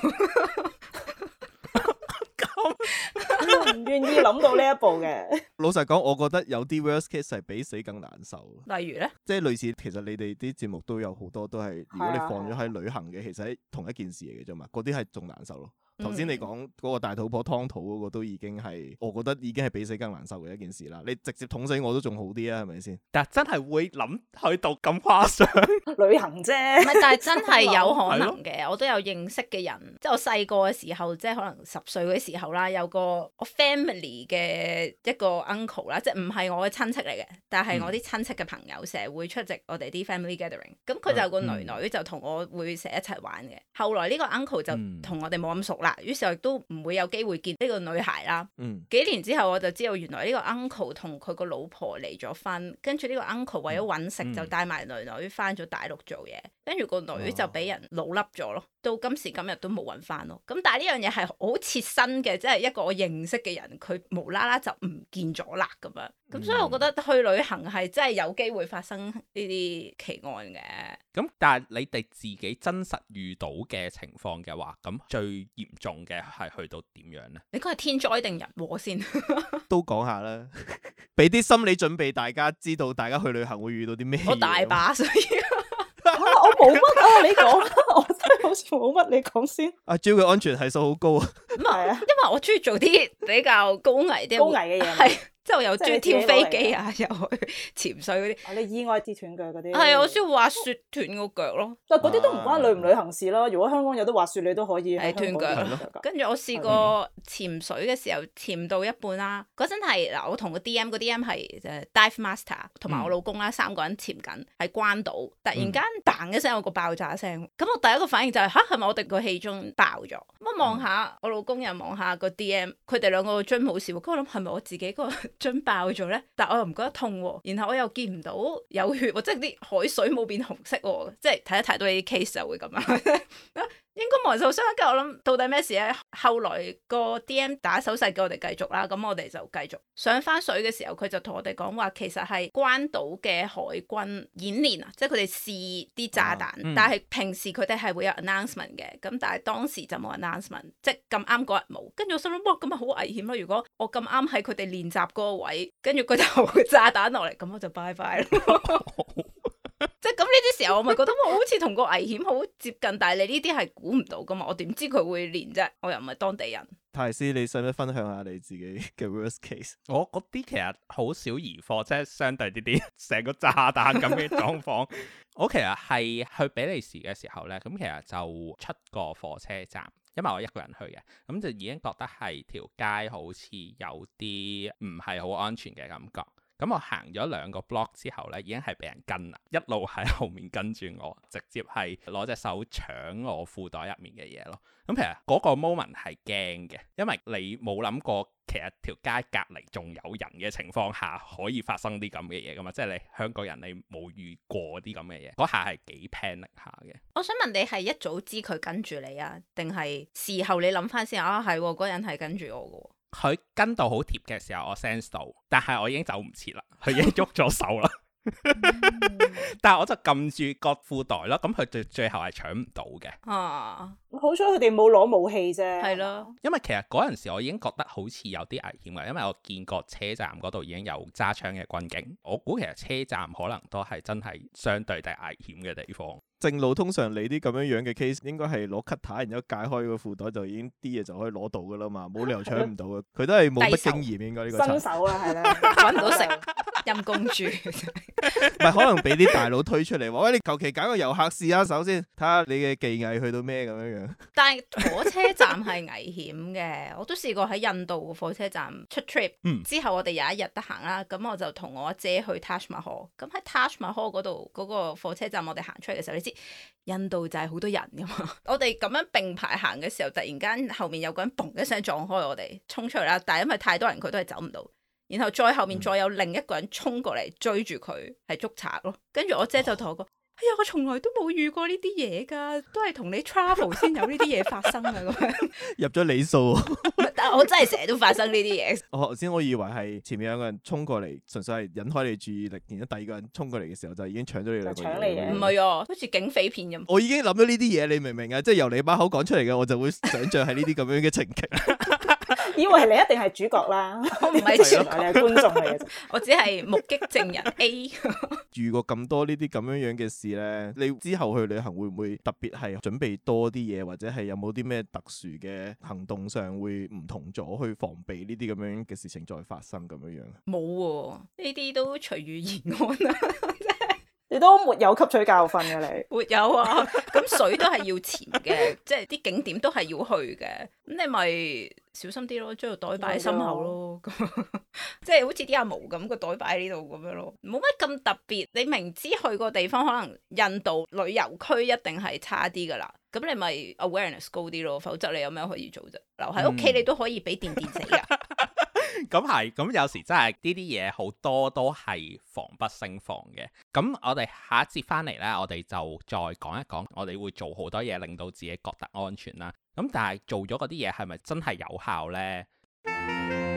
咁都唔願意諗到呢一步嘅。老實講，我覺得有啲 worst case 係比死更難受。例如咧，即係類似，其實你哋啲節目都有好多都係，如果你放咗喺旅行嘅，其實同一件事嚟嘅啫嘛，嗰啲係仲難受咯。頭先你講嗰、嗰個大肚婆湯肚嗰個都已經係，我覺得已經係比死更難受嘅一件事啦。你直接捅死我都仲好啲啊，係咪先？但真係會諗去度咁誇張？ 旅行啫，唔係，但係真係有可能嘅。 嗯、我都有認識嘅人，嗯、即係我細個嘅時候，即係可能十歲嘅時候啦，有個我 family 嘅一個 uncle 啦，即係唔係我嘅親戚嚟嘅，但係我啲親戚嘅朋友成日會出席我哋啲 family gathering。咁佢就有個女女就同我會成日一齊玩嘅。後來呢個 uncle 就同我哋冇咁熟。嗯嗯嗱，於是亦都唔會有機會見呢個女孩啦。嗯、幾年之後我就知道，原來呢個 uncle 同佢個老婆離咗婚，跟住呢個 uncle 為咗揾食就帶埋女女翻咗大陸做嘢，嗯、跟住個女就俾人老笠咗咯。到今時今日都冇揾翻咯，咁但係呢樣嘢係好切身嘅，即係一個我認識嘅人，佢無啦啦就唔見咗啦咁樣，咁所以我覺得去旅行係真係有機會發生呢啲奇案嘅。咁、嗯嗯嗯、但係你哋自己真實遇到嘅情況嘅話，咁最嚴重嘅係去到點樣呢？你講係天災定人禍先？都講下啦，俾啲心理準備，大家知道大家去旅行會遇到啲咩？我大把水，所以、 啊、我冇乜、啊、你講。 好似冇乜，你講先。阿 Jill 嘅安全係數好高啊！唔係啊，因為我中意做啲比較高危啲 高危嘅嘢。 之後又中意跳飛機啊，又去潛水嗰啲，你意外之斷腳嗰啲，係啊，我需要滑雪斷個腳咯。但嗰啲都唔關旅唔旅行事咯。如果香港有得滑雪，你都可以斷腳咯。跟住我試過潛水嘅時候，潛到一半啦，嗰陣係嗱，我同個 D M、個 D M 係誒 Dive Master，同埋我老公啦，三個人潛緊喺關島，突然間 bang 一聲有個爆炸聲，咁我第一個反應就係吓，係咪我哋個氣樽爆咗？咁啊望下我老公，又望下個 D M，佢哋兩個都冇事喎。咁我諗係咪我自己個樽爆咗咧，但我又唔覺得痛，然後我又見唔到有血喎，即係啲海水冇變紅色喎，即係睇得太多啲 case 就會咁樣啊～ 應該冇人受傷，但我諗到底咩事咧、啊？後來個 DM 打手勢叫我哋繼續啦，咁我哋就繼續上翻水嘅時候，佢就同我哋講話，其實係關島嘅海軍演練啊，即係佢哋試啲炸彈，但係平時佢哋係會有 announcement 嘅，咁但係當時就冇 announcement，即係咁啱嗰日冇。跟住我心諗哇，咁咪好危險咯！如果我咁啱喺佢哋練習嗰個位，跟住佢就炸彈落嚟，咁我就拜拜咯即係咁呢啲時候，我咪覺得我好似同個危險好接近，但係你呢啲係估唔到噶嘛？我點知佢會連啫？我又唔係當地人。泰斯，你使唔使分享下你自己嘅 worst case？我嗰啲其實好少疑貨車，即相對呢啲成個炸彈咁嘅狀況。 我其實係去比利時嘅時候咧，咁其實就出過火車站，因為我一個人去嘅，咁就已經覺得係條街好似有啲唔係好安全嘅感覺。咁我行咗兩個 block 之後呢，已經係俾人跟啦，一路喺後面跟住我，直接係攞隻手搶我褲袋入面嘅嘢咯。咁、嗯、其實嗰個 moment 係驚嘅，因為你冇諗過其實條街隔離仲有人嘅情況下，可以發生啲咁嘅嘢㗎嘛。即係你香港人，你冇遇過啲咁嘅嘢，嗰下係幾 panic 下嘅。我想問你係一早知佢跟住你啊，定係事後你諗返先啊？係喎、啊，嗰人係跟住我嘅、啊。佢跟到好貼嘅時候，我 sense 到，但係我已經走唔切啦，佢已經喐咗手啦。 但係我就撳住個褲袋咯，咁佢最最後係搶唔到嘅。啊，好彩佢哋冇攞武器啫。係咯的，因為其實嗰陣時我已經覺得好似有啲危險嘅，因為我見過車站嗰度已經有揸槍嘅軍警，我估其實車站可能都係真係相對嘅危險嘅地方。正路通常你啲咁樣樣嘅 case 應該係攞 cutter 然之後解開個褲袋就已經啲嘢就可以攞到噶啦嘛，冇理由搶唔到嘅。佢都係冇乜經驗九應該呢個新手啊，係啦，搵唔 到食。 任公主，唔係可能俾啲大佬推出嚟話，喂，你求其揀個遊客試下首先，睇下你嘅技藝去到咩咁樣樣。但係火車站係危險嘅， 我都試過喺印度嘅火車站出 trip、嗯、之後，我哋有一日得閒啦，咁我就同我阿姐去 Taj Mahal，咁喺 Taj Mahal 嗰度嗰、那個火車站，我哋行出嚟嘅時候，你知印度就係好多人噶嘛， 我哋咁樣並排行嘅時候，突然間後面有個人砰一聲撞開我哋，衝出嚟啦，但係因為太多人，佢都係走唔到。然後再後面，再有另一個人衝過嚟追住佢係捉賊咯，跟住我姐就同我講：，哦、哎呀，我從來都冇遇過呢啲嘢噶，都係同你 travel 先有呢啲嘢發生啊！咁樣 入咗你理數， 但係我真係成日都發生呢啲嘢。 我頭先我以為係前面有個人衝過嚟，純粹係引開你注意力，然之後第二個人衝過嚟嘅時候就已經搶咗你兩個。搶你嘢？唔係哦，好似警匪片咁。我已經諗咗呢啲嘢，你明唔明啊？即係由你把口講出嚟嘅，我就會想象係呢啲咁樣嘅情景。以為你一定係主角啦，我唔係主角，你係觀眾嚟嘅。 我只係目擊證人 A。遇過咁多呢啲咁樣樣嘅事咧，你之後去旅行會唔會特別係準備多啲嘢，或者係有冇啲咩特殊嘅行動上會唔同咗，去防備呢啲咁樣嘅事情再發生咁樣樣？冇喎、啊，呢啲都隨遇而安啦、啊， 你都沒有吸取教訓嘅、啊，你冇有啊？咁水都係要潛嘅， 即係啲景點都係要去嘅，咁你咪。小心啲咯，將個袋擺喺身後咯，咁 即係好似啲阿毛咁，個袋擺喺呢度咁樣咯，冇乜咁特別。你明知去個地方可能印度旅遊區一定係差啲㗎啦，咁你咪 awareness 高啲咯，否則你有咩可以做啫？嗯、留喺屋企你都可以俾電電死㗎！ 咁係，咁、 嗯嗯嗯、有時真係呢啲嘢，好多都係防不勝防嘅。咁我哋下一節翻嚟，呢，我哋就再講一講，我哋會做好多嘢令到自己覺得安全啦。咁但係做咗嗰啲嘢係咪真係有效呢？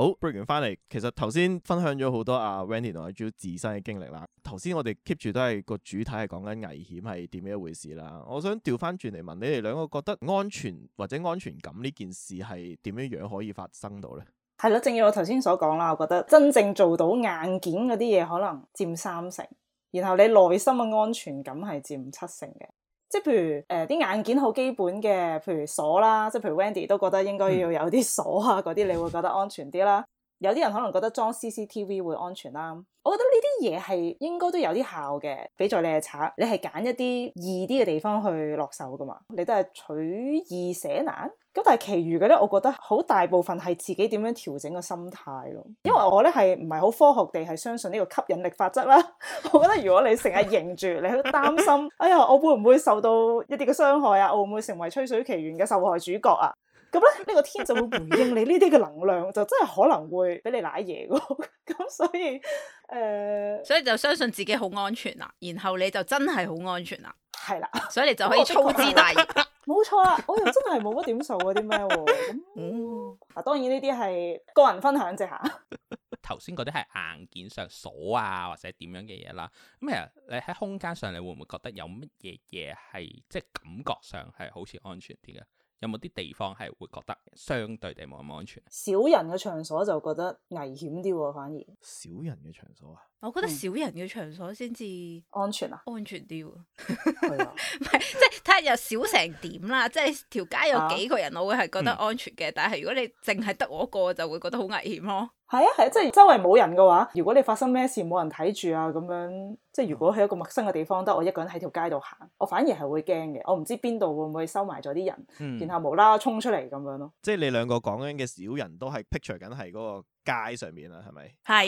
好 break 完翻嚟，其實頭先分享咗好多阿 Wendy 同阿 Jill 自身嘅經歷啦。頭先我哋 keep 住都係個主題係講緊危險係點樣一回事啦。我想調翻轉嚟問你哋兩個，覺得安全或者安全感呢件事係點樣樣可以發生到咧？係咯，正如我頭先所講啦，我覺得真正做到硬件嗰啲嘢可能佔三成，然後你內心嘅安全感係佔七成嘅。即係譬如誒啲、呃、硬件好基本嘅，譬如鎖啦，即係譬如 Wendy 都覺得應該要有啲鎖啊嗰啲，嗯、你會覺得安全啲啦。有啲人可能覺得裝 CCTV 會安全啦，我覺得呢啲嘢係應該都有啲效嘅。比在你係賊，你係揀一啲易啲嘅地方去落手噶嘛，你都係取易捨難。咁但係，其餘嘅咧，我覺得好大部分係自己點樣調整個心態咯。因為我咧係唔係好科學地係相信呢個吸引力法則啦。 我覺得如果你成日諗住，你好擔心，哎呀，我會唔會受到一啲嘅傷害啊？我會唔會成為吹水奇懸嘅受害主角啊？咁咧，呢、這個天就會回應你呢啲嘅能量， 就真係可能會俾你奶嘢噶。咁 所以，誒、呃，所以就相信自己好安全啦。然後你就真係好安全啦。係啦的， 所以你就可以粗枝大葉。冇 錯啦，我又真係冇乜點數嗰啲咩喎。咁，嗱、 嗯，當然呢啲係個人分享啫嚇。頭先嗰啲係硬件上鎖啊，或者點樣嘅嘢啦。咁其實你喺空間上，你會唔會覺得有乜嘢嘢係即係感覺上係好似安全啲嘅？有冇啲地方係會覺得相對地冇咁安全？少人嘅場所就覺得危險啲喎，反而少人嘅場所啊？我覺得少人嘅場所先至、嗯、安全啊，安全啲、啊。係唔係即係睇下有少成點啦，即係條街有幾個人我會係覺得安全嘅，啊、但係如果你淨係得我一個就會覺得好危險咯。係啊係啊，即係周圍冇人嘅話，如果你發生咩事冇人睇住啊，咁樣，即係如果喺一個陌生嘅地方，得我一個人喺條街度行，我反而係會驚嘅，我唔知邊度會唔會收埋咗啲人，嗯、然後無啦啦衝出嚟咁樣咯。即係你兩個講緊嘅小人都係 picture 緊係嗰個。街上面啦，係咪？係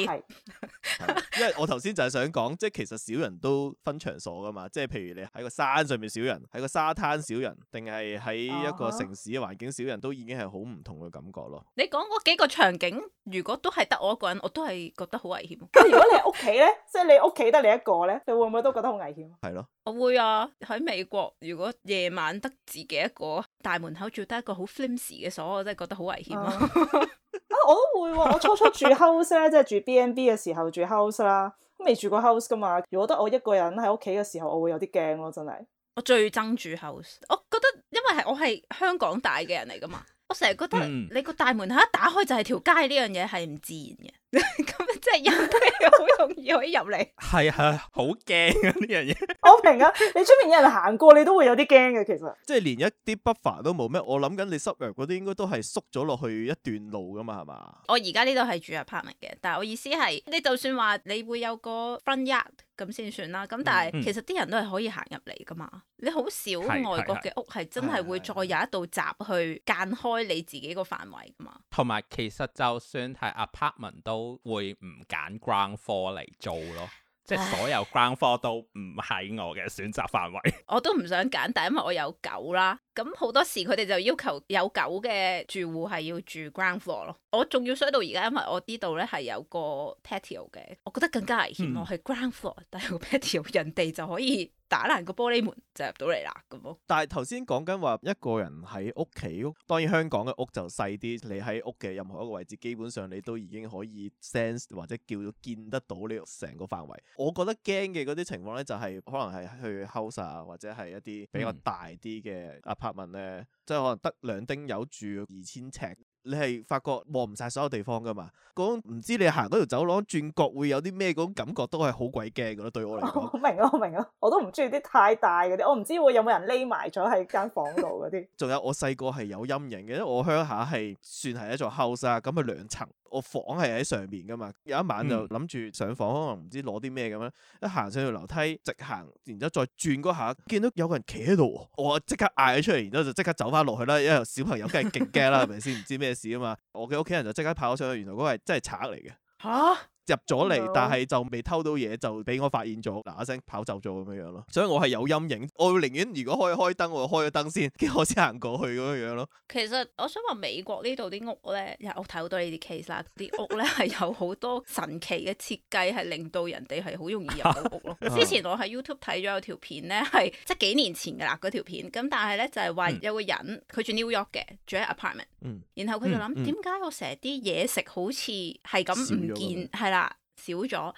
是 因為我頭先就係想講，即係其實少人都分場所噶嘛，即係譬如你喺個山上面少人，喺個沙灘少人，定係喺一個城市嘅環境少人都已經係好唔同嘅感覺咯。你講嗰幾個場景，如果都係得我一個人，我都係覺得好危險。咁如果你喺屋企呢，即係 你屋企得你一個呢，你會唔會都覺得好危險？係咯的，我會啊。喺美國，如果夜晚得自己一個，大門口住得一個好 flimsy 嘅鎖，我真係覺得好危險啊。 我都會，我初初住 house 咧，即係住 B＆B 嘅時候住 house 啦，未住過 house 㗎嘛。如果得我一個人喺屋企嘅時候，我會有啲驚咯，真係。我最憎住 house，我覺得因為係我係香港大嘅人嚟㗎嘛。我成日覺得你個大門口一打開就係條街呢樣嘢係唔自然嘅，咁即係人都好容易可以入嚟、 啊。係係好驚啊呢樣嘢。 我明啊，你出面有人行過，你都會有啲驚嘅。其實即係連一啲 buffer 都冇咩？我諗緊你濕弱嗰啲應該都係縮咗落去一段路噶嘛，係嘛？我而家呢度係住入 apartment 嘅，但係我意思係你就算話你會有個 front yard 咁先算啦。咁但係其實啲人都係可以行入嚟噶嘛。你好少外國嘅屋係真係會再有一道閘去間開。你自己個範圍噶嘛？同埋其實就算係 apartment 都會唔揀 ground floor 嚟租咯，即係是 唉 所有 ground floor 都唔喺我嘅選擇範圍。我都唔想揀，但係因為我有狗啦，咁好多時佢哋就要求有狗嘅住戶係要住 ground floor 咯。我仲要衰到而家，因為我呢度咧係有個 patio 嘅，我覺得更加危險。嗯、我係 ground floor，但係個 patio 人哋就可以。打爛個玻璃門就入到嚟啦咁咯。但係頭先講緊話一個人喺屋企咯，當然香港嘅屋就細啲。你喺屋嘅任何一個位置，基本上你都已經可以 sense 或者叫做見得到呢成個範圍。我覺得驚嘅嗰啲情況咧，就係可能係去 house 啊，或者係一啲比較大啲嘅 Apartment 咧，嗯、即係可能得兩丁友住二千尺。你係發覺望唔晒所有地方噶嘛？嗰種唔知你行嗰條走廊轉角會有啲咩嗰種感覺都係好鬼驚噶咯，對我嚟講。 我明咯，我明咯，我都唔中意啲太大嗰啲。我唔知會有冇人匿埋咗喺間房度嗰啲。仲 有我細個係有陰影嘅，因為我鄉下係算係一座 house 啊，咁係兩層。我房係喺上邊噶嘛，有一晚就諗住上房，嗯、可能唔知攞啲咩咁樣，一行上去樓梯，直行，然之後再轉嗰下，見到有個人企喺度，我即刻嗌佢出嚟，然之後就即刻走翻落去啦，因為小朋友梗係勁驚啦，係咪先？唔知咩事啊嘛，我嘅屋企人就即刻跑咗上去，原來嗰個係真係賊嚟嘅。吓入咗嚟，但係就未偷到嘢，就俾我發現咗，嗱嗱聲跑走咗咁樣樣咯。所以我係有陰影，我會寧願如果開開燈，我就開咗燈先，跟住我先行過去咁樣樣咯。其實我想話美國呢度啲屋咧，我睇好多呢啲 case 啦，啲屋咧係有好多神奇嘅設計，係 令到人哋係好容易入到屋咯。 之前我喺 YouTube 睇咗有條片咧，係即係幾年前噶啦嗰條片，咁但係咧就係、是、話有個人佢、嗯、住 New York 嘅住喺 apartment、嗯、然後佢就諗點解我成日啲嘢食好似係咁唔見，係啦、嗯。嗯少咗，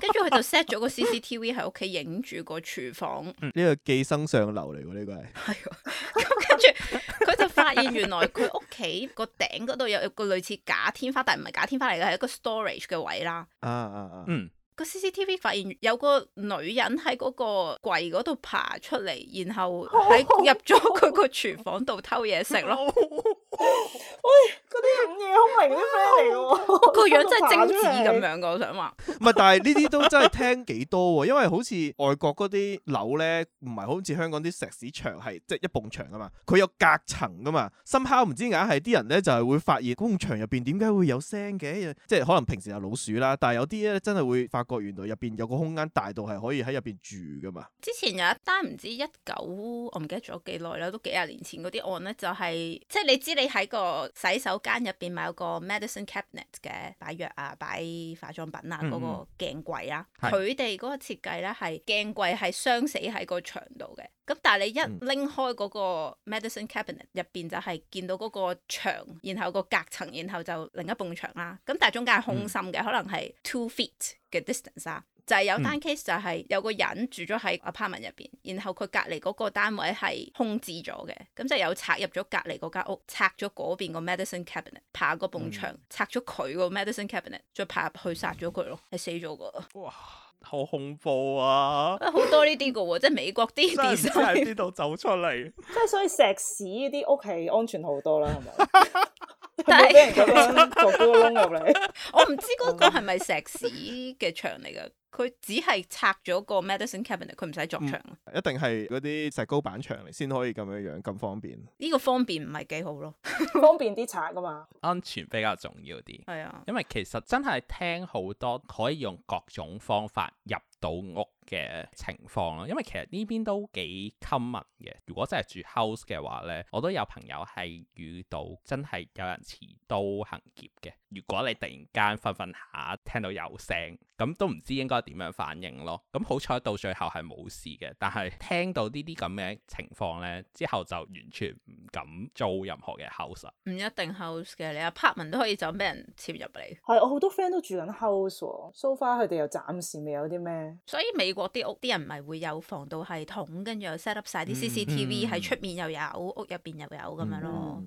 跟住佢就 set 咗個 CCTV 喺屋企影住個廚房。呢個、嗯、寄生上流嚟喎，呢個係。係。咁跟住佢就發現原來佢屋企個頂嗰度有個類似假天花，但係唔係假天花嚟嘅，係一個 storage 嘅位啦。啊啊啊！嗯，個 CCTV 發現有個女人喺嗰個櫃嗰度爬出嚟，然後喺 入咗佢個廚房度偷嘢食咯。 喂，嗰啲五眼通明嗰啲 friend 嚟個樣真係精致咁 樣噶，我想話。唔 係，但係呢啲都真係聽幾多、哦，因為好似外國嗰啲樓咧，唔係好似香港啲石屎牆係即係一埲牆噶嘛，佢有隔層噶嘛。深刻唔知硬係啲人咧就係會發現埲牆入邊點解會有聲嘅，即係可能平時有老鼠啦，但係有啲咧真係會發覺原來入邊有個空間大到係可以喺入邊住噶嘛。之前有一單唔知一九，我唔記得咗幾耐啦，都幾廿年前嗰啲案咧、就是，就係即係你知你。喺個洗手間入邊買個 medicine cabinet 嘅，擺藥啊、擺化妝品啊，嗰、那個鏡櫃啦。佢哋嗰個設計咧係鏡櫃係雙死喺個牆度嘅。咁但係你一拎開嗰個 medicine cabinet 入邊就係、是、見到嗰個牆，然後個隔層，然後就另一埲牆啦。咁但係中間係空心嘅，嗯、可能係 two feet 嘅 distance 啦。就係有單 case、嗯、就係有個人住咗喺 apartment 入邊，然後佢隔離嗰個單位係空置咗嘅，咁就有拆入咗隔離嗰間屋，拆咗嗰邊個 medicine cabinet，爬個埲牆，拆咗佢個 medicine cabinet，再爬入去殺咗佢咯，係死咗個。哇！好恐怖啊！好多呢啲嘅喎，即係美國啲電視喺呢度走出嚟？即係 所以石屎啲屋係安全好多啦，係咪？ 但係 個窟窿入嚟，我唔知嗰個係咪石屎嘅牆嚟嘅。佢只係拆咗個 medicine cabinet，佢唔使作牆、嗯，一定係嗰啲石膏板牆嚟先可以咁樣樣咁方便。呢個方便唔係幾好咯， 方便啲拆噶嘛？安全比較重要啲，係啊。因為其實真係聽好多可以用各種方法入到屋。嘅情況咯，因為其實呢邊都幾 common 嘅。如果真係住 house 嘅話呢，我都有朋友係遇到真係有人持刀行劫嘅。如果你突然間瞓瞓下聽到有聲，咁都唔知應該點樣反應咯。咁好彩到最後係冇事嘅，但係聽到呢啲咁嘅情況呢，之後，就完全唔敢做任何嘅 house。唔一定 house 嘅，你阿 partment 都可以就俾人潛入嚟。係，我好多 friend 都住緊 house 喎，so far 佢哋又暫時未有啲咩。所以美國啲屋啲人唔係會有防盜系統，跟住又 set up 晒啲 CCTV 喺出面又有，屋入邊又有咁樣咯。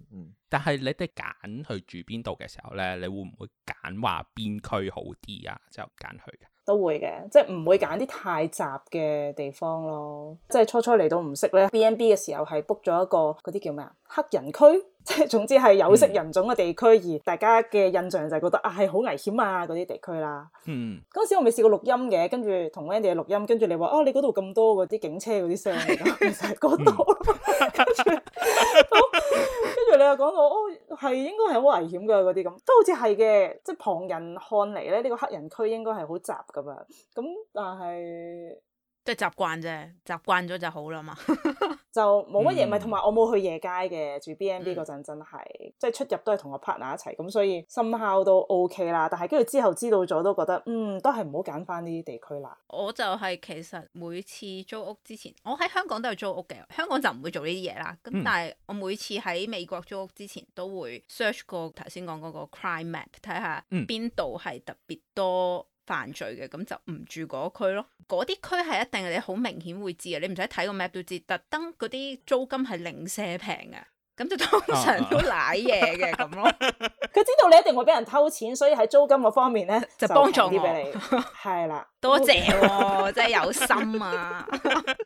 但係你哋揀去住邊度嘅時候咧，你會唔會揀話邊區好啲啊？就揀去。都會嘅，即係唔會揀啲太雜嘅地方咯。即係初初嚟到唔識咧，B&B 嘅時候係 book 咗一個嗰啲叫咩啊，黑人區，即係總之係有色人種嘅地區，而大家嘅印象就係覺得啊係好危險啊嗰啲地區啦。嗯，嗰陣時我未試過錄音嘅，跟住同 Wendy 錄音，跟住你話啊，你嗰度咁多嗰啲警車嗰啲聲 其實係嗰度。嗯 你又講到哦，係應該係好危險嘅嗰啲咁，都好似係嘅，即係旁人看嚟咧，呢個黑人區應該係好雜㗎嘛。咁但係。即係習慣啫，習慣咗就好啦嘛， 就冇乜嘢。咪同埋我冇去夜街嘅住 B and B 嗰陣，真係、嗯、即係出入都係同我 partner 一齊，咁所以心敲都 OK 啦。但係跟住之後知道咗，都覺得嗯，都係唔好揀翻呢啲地區啦。我就係其實每次租屋之前，我喺香港都有租屋嘅，香港就唔會做呢啲嘢啦。咁、嗯、但係我每次喺美國租屋之前，都會 search 過頭先講嗰個 crime map 睇下邊度係特別多。嗯犯罪嘅，咁就唔住嗰區咯，嗰啲區係一定你好明顯會知嘅，你唔使睇個咩都知，特登嗰啲租金係零舍平嘅。咁就通常都瀨嘢嘅咁咯，佢、哦哦、 知道你一定會俾人偷錢，所以喺租金嗰方面咧就幫助啲俾你，係啦，多謝、哦， 真係有心啊。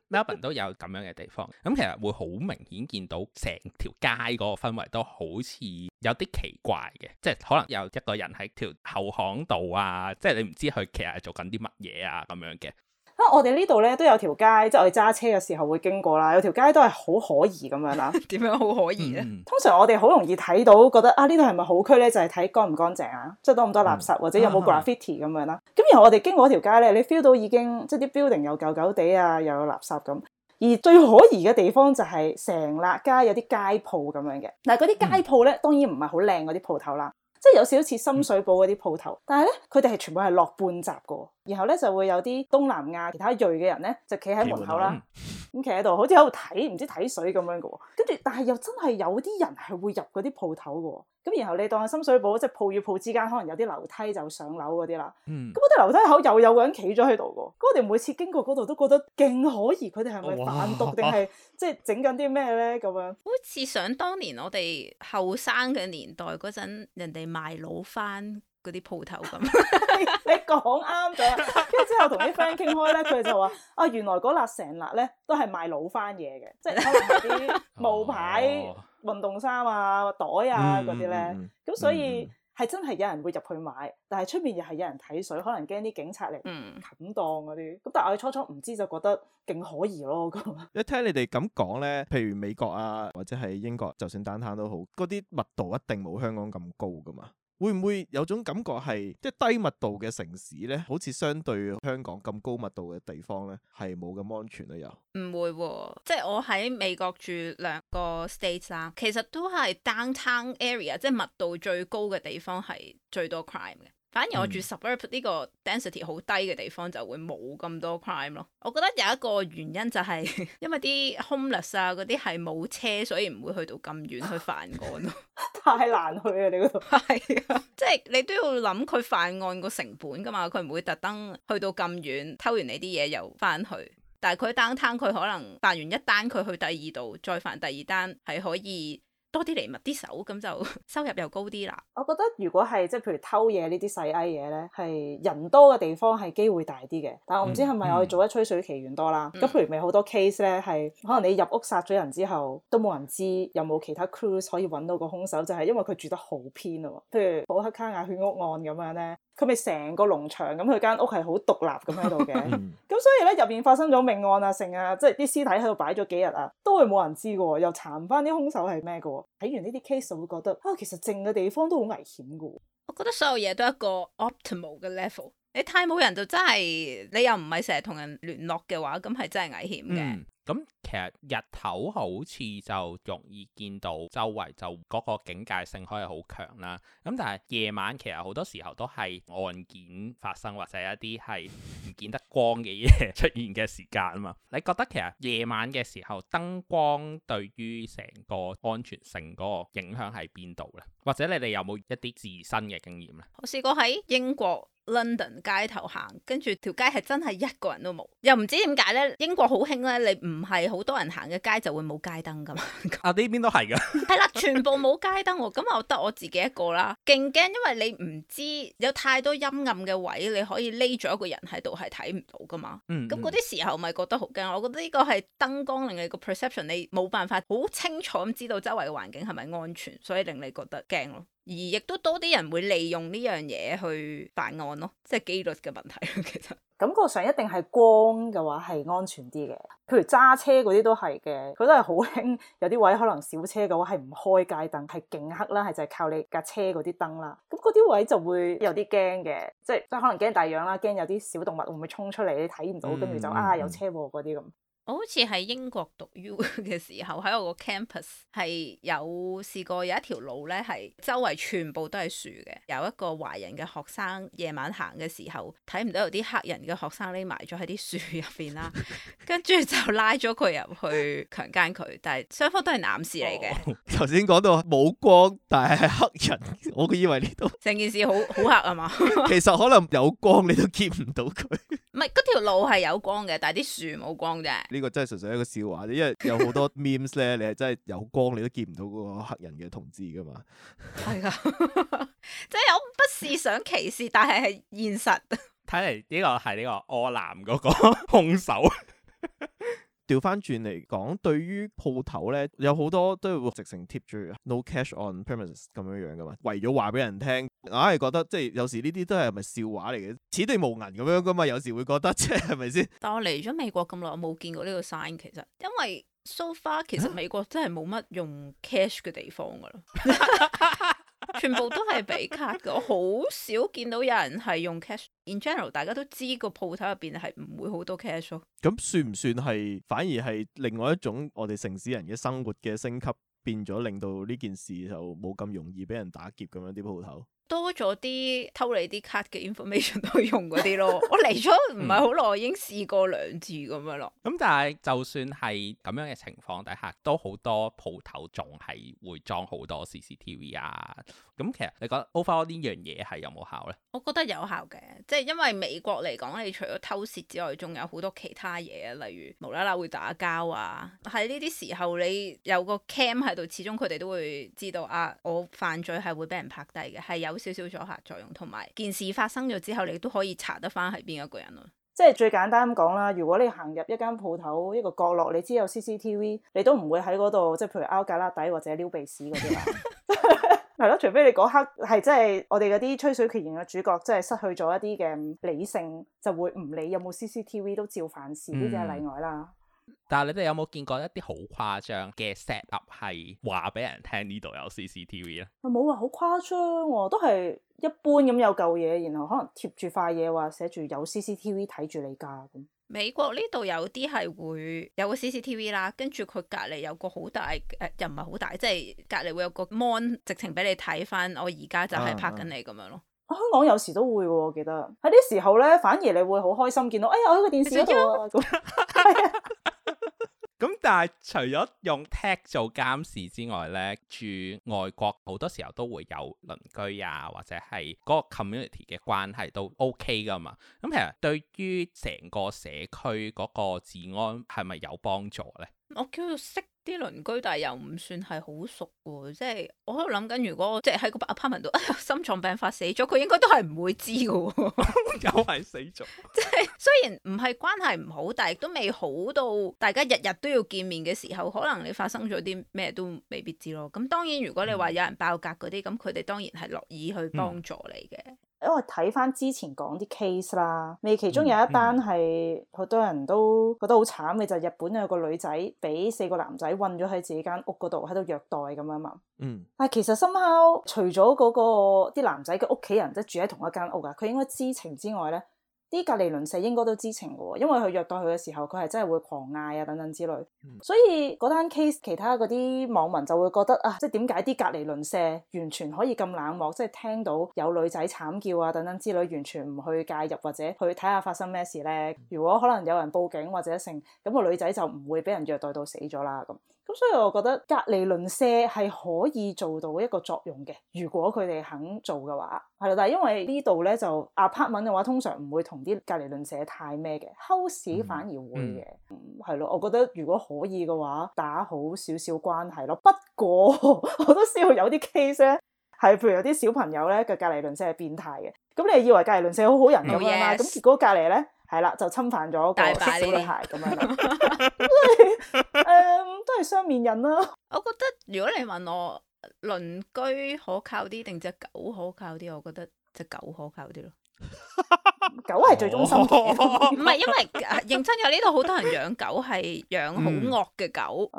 London 都有咁樣嘅地方，咁其實會好明顯見到成條街嗰個氛圍都好似有啲奇怪嘅，即係可能有一個人喺條後巷度啊，即係你唔知佢其實係做緊啲乜嘢啊咁樣嘅。啊！我哋呢度咧都有條街，即係我哋揸車嘅時候會經過啦。有條街都係好可疑咁樣啦。點 樣好可疑咧？通常我哋好容易睇到，覺得啊是是，呢度係咪好區咧？就係睇乾唔乾淨啊，即係多唔多垃圾，嗯啊、或者有冇 graffiti 咁、啊、樣啦。咁然後我哋經過嗰條街咧，你 feel 到已經即係啲 building 又舊舊地啊，又有垃圾咁。而最可疑嘅地方就係成笪街有啲街鋪咁樣嘅。嗱，嗰啲街鋪咧，嗯、當然唔係好靚嗰啲鋪頭啦。即係有少少似深水埗嗰啲鋪頭，但係咧佢哋係全部係落半閘嘅，然後咧就會有啲東南亞其他裔嘅人咧就企喺門口文啦。咁企喺度，好似喺度睇，唔知睇水咁樣嘅喎。跟住，但係又真係有啲人係會入嗰啲鋪頭嘅。咁然後你當係深水埗，即係鋪與鋪之間，可能有啲樓梯就上樓嗰啲啦。咁、嗯、我哋樓梯口又有個人企咗喺度嘅。咁我哋每次經過嗰度都覺得勁可疑。佢哋係咪反毒定係即係整緊啲咩咧？咁樣好似想當年我哋後生嘅年代嗰陣，人哋賣老翻。嗰啲鋪頭咁 ，你講啱咗。跟住之後同啲 friend 傾開咧，佢哋就話：啊，原來嗰辣成辣咧都係賣老翻嘢嘅，即係嗰啲冒牌、哦、運動衫啊、袋啊嗰啲咧。咁、嗯、所以係、嗯、真係有人會入去買，但係出面又係有人睇水，可能驚啲警察嚟冚檔嗰啲。咁但係我初初唔知，就覺得勁可疑咯。咁、那個、一聽你哋咁講咧，譬如美國啊，或者係英國，就算蛋攤都好，嗰啲密度一定冇香港咁高噶嘛。會唔會有種感覺係即係低密度嘅城市咧，好似相對香港咁高密度嘅地方咧，係冇咁安全呀？又唔會喎，即係我喺美國住兩個 states 啦，其實都係 downtown area，即係密度最高嘅地方係最多 crime 嘅。反而我住 suburb 呢、嗯、個 density 好低嘅地方就會冇咁多 crime 咯。我覺得有一個原因就係因為啲 homeless 啊，嗰啲係冇車，所以唔會去到咁遠去犯案咯。 太難去啊！你嗰度係啊， 即係你都要諗佢犯案個成本㗎嘛。佢唔會特登去到咁遠偷完你啲嘢又翻去。但係佢 downtown 佢可能犯完一單，佢去第二度再犯第二單係可以。多啲禮物，啲手咁就收入又高啲啦。我覺得如果係即係譬如偷嘢呢啲細 I 嘢咧，係人多嘅地方係機會大啲嘅。但我唔知係咪我哋做得吹水奇懸多啦。咁、嗯、譬如咪好多 case 咧，係可能你入屋殺咗人之後都冇人知，有冇其他 clues 可以揾到個兇手，就係、是、因為佢住得好偏啊。譬如保黑卡雅血屋案咁樣咧，佢咪成個農場咁，佢間屋係好獨立咁喺度嘅。咁、嗯嗯、所以咧入邊發生咗命案啊，成啊，即係啲屍體喺度擺咗幾日啊，都會冇人知嘅，又查唔翻啲兇手係咩嘅。睇完呢啲 case，我會覺得啊、哦，其實靜嘅地方都好危險嘅。我覺得所有嘢都係一個 optimal 嘅 level。你太冇人就真係，你又唔係成日同人聯絡嘅話，咁係真係危險嘅。嗯咁其實日頭好似就容易見到周圍就嗰個警戒性可以好強啦。咁但係夜晚其實好多時候都係案件發生或者一啲係唔見得光嘅嘢出現嘅時間啊嘛。你覺得其實夜晚嘅時候燈光對於成個安全性嗰個影響喺邊度呢？或者你哋有冇一啲自身嘅經驗咧？我試過喺英國 London 街頭行，跟住條街係真係一個人都冇，又唔知點解咧？英國好興咧，你唔係好多人行嘅街就會冇街燈噶嘛？啊，呢邊都係噶。係啦， 全部冇街燈喎，咁 我得我自己一個啦，勁驚，因為你唔知有太多陰暗嘅位，你可以匿咗一個人喺度係睇唔到噶嘛。嗯，嗯。咁嗰啲時候咪覺得好驚。我覺得呢個係燈光令你個 perception，你冇辦法好清楚咁知道周圍嘅環境係咪安全，所以令你覺得。而亦都多啲人會利用呢樣嘢去辦案咯，即係機率嘅問題。其實感覺上一定係光嘅話係安全啲嘅，譬如揸車嗰啲都係嘅，佢都係好輕。有啲位可能小車嘅話係唔開街燈，係勁黑啦，係就係靠你架車嗰啲燈啦。咁嗰啲位就會有啲驚嘅，即係即係可能驚大樣啦，驚有啲小動物會唔會衝出嚟，你睇唔到，跟住、嗯、就啊有車禍嗰啲咁。我好似喺英國讀 U 嘅時候，喺我個 campus 係有試過有一條路咧，係周圍全部都係樹嘅。有一個華人嘅學生夜晚行嘅時候，睇唔到有啲黑人嘅學生匿埋咗喺啲樹入邊啦，跟住就拉咗佢入去強姦佢。但係雙方都係男士嚟嘅。頭先講到冇光，但係係黑人，我以為你都成件事好好黑啊嘛。 其實可能有光你都見唔到佢。唔係，嗰條路係有光嘅，但係啲樹冇光嘅。呢個真係純粹一個笑話啫，因為有好多 memes 咧，你係真係有光你都見唔到嗰個黑人嘅同志噶嘛，係 啊 這個，即係我不是想歧視，但係係現實。睇嚟呢個係呢個柯南嗰、那個兇手。 調翻轉嚟講，對於鋪頭咧，有好多都係直成貼住 no cash on premises 咁樣樣噶嘛，為咗話俾人聽，硬係覺得即係有時呢啲都係咪笑話嚟嘅？此地無銀咁樣噶嘛，有時會覺得即係咪先？ 吧但我嚟咗美國咁耐，我冇見過呢個 sign。其實因為 so far，其實美國、啊、真係冇乜用 cash 嘅地方噶啦。 全部都係俾卡嘅，我好少見到有人係用 cash。In general，大家都知個鋪頭入邊係唔會好多 cash。咁 算唔算係反而係另外一種我哋城市人嘅生活嘅升級，變咗令到呢件事就冇咁容易俾人打劫咁樣啲鋪頭？多咗啲偷你啲卡嘅 information 都用嗰啲咯，我嚟咗唔係好耐，已經試過兩次咁樣咯。咁但係就算係咁樣嘅情況底下，都好多鋪頭仲係會裝好多 CCTV 啊。咁其實你覺得 over 呢樣嘢係有冇效咧？我覺得有效嘅，即係因為美國嚟講，你除咗偷竊之外，仲有好多其他嘢啊，例如無啦啦會打交啊，喺呢啲時候你有個 cam 喺度，始終佢哋都會知道啊，我犯罪係會俾人拍低嘅，係有。少少阻吓作用，同埋件事發生咗之後，你都可以查得翻係邊一個人咯。即係最簡單咁講啦，如果你行入一間鋪頭一個角落，你知有 CCTV，你都唔會喺嗰度，即係譬如拗架笠底或者撩鼻屎嗰啲嘛。係咯，除非你嗰刻係即係我哋嗰啲吹水奇懸嘅主角，即係失去咗一啲嘅理性，就會唔理有冇 CCTV 都照犯事，呢只係例外啦。但係你哋有冇見過一啲好誇張嘅 set up 係話俾人聽呢度有 C C T V 啊？冇話好誇張，都係一般咁有舊嘢，然後可能貼住塊嘢話寫住有 C C T V 睇住你噶。嗯、美國呢度有啲係會有個 C C T V 啦，跟住佢隔籬有個好大誒、呃，又唔係好大，即係隔籬會有個 mon 直情俾你睇翻，我而家就係拍緊你咁樣咯。香港有時都會我記得喺啲時候咧，反而你會好開心見到，哎呀，我喺個電視度咁 咁、嗯、但係除咗用 Tech 做監視之外咧，住外國好多時候都會有鄰居啊，或者係嗰個 community 嘅關係都 OK 噶嘛。咁其實對於成個社區嗰個治安係咪有幫助咧？我叫做識。啲鄰居，但係又唔算係好熟喎，即係我喺度諗緊，如果即係喺個 apartment 度、哎、心臟病發死咗，佢應該都係唔會知嘅喎。又係死咗，即係雖然唔係關係唔好，但係都未好到大家日日都要見面嘅時候，可能你發生咗啲咩都未必知咯。咁當然，如果你話有人爆格嗰啲，咁佢哋當然係樂意去幫助你嘅。嗯因為睇翻之前講啲 case 啦，咪其中有一單係好多人都覺得好慘嘅，就係日本有個女仔俾四個男仔困咗喺自己間屋嗰度，喺度虐待咁樣嘛。嗯，但其實深究、那個，除咗嗰個啲男仔嘅屋企人即係住喺同一間屋噶，佢應該知情之外咧。啲隔離鄰舍應該都知情嘅喎，因為佢虐待佢嘅時候，佢係真係會狂嗌啊等等之類。嗯、所以嗰單 case 其他嗰啲網民就會覺得啊，即係點解啲隔離鄰舍完全可以咁冷漠，即係聽到有女仔慘叫啊等等之類，完全唔去介入或者去睇下發生咩事咧？嗯、如果可能有人報警或者成咁、嗰個女仔就唔會俾人虐待到死咗啦咁。咁所以我覺得隔離鄰舍係可以做到一個作用嘅，如果佢哋肯做嘅話，係咯。但係因為呢度咧就 apartment 嘅話，通常唔會同。同啲隔籬鄰舍太咩嘅，鳩屎、嗯、反而會嘅，係咯、嗯。我覺得如果可以嘅話，打好少少關係咯。不過 我都知道有啲 case 咧，係譬如有啲小朋友咧，嘅隔籬鄰舍係變態嘅，咁你以為隔籬鄰舍好好人咁樣啦，咁結果隔籬咧係啦，就侵犯咗個小女孩咁樣，都係，誒、 嗯，都係雙面人啦、啊。我覺得如果你問我鄰居可靠啲定隻狗可靠啲，我覺得隻狗可靠啲咯。 狗係最忠心嘅，唔 係因為認真有呢度好多人養狗係養好惡嘅狗，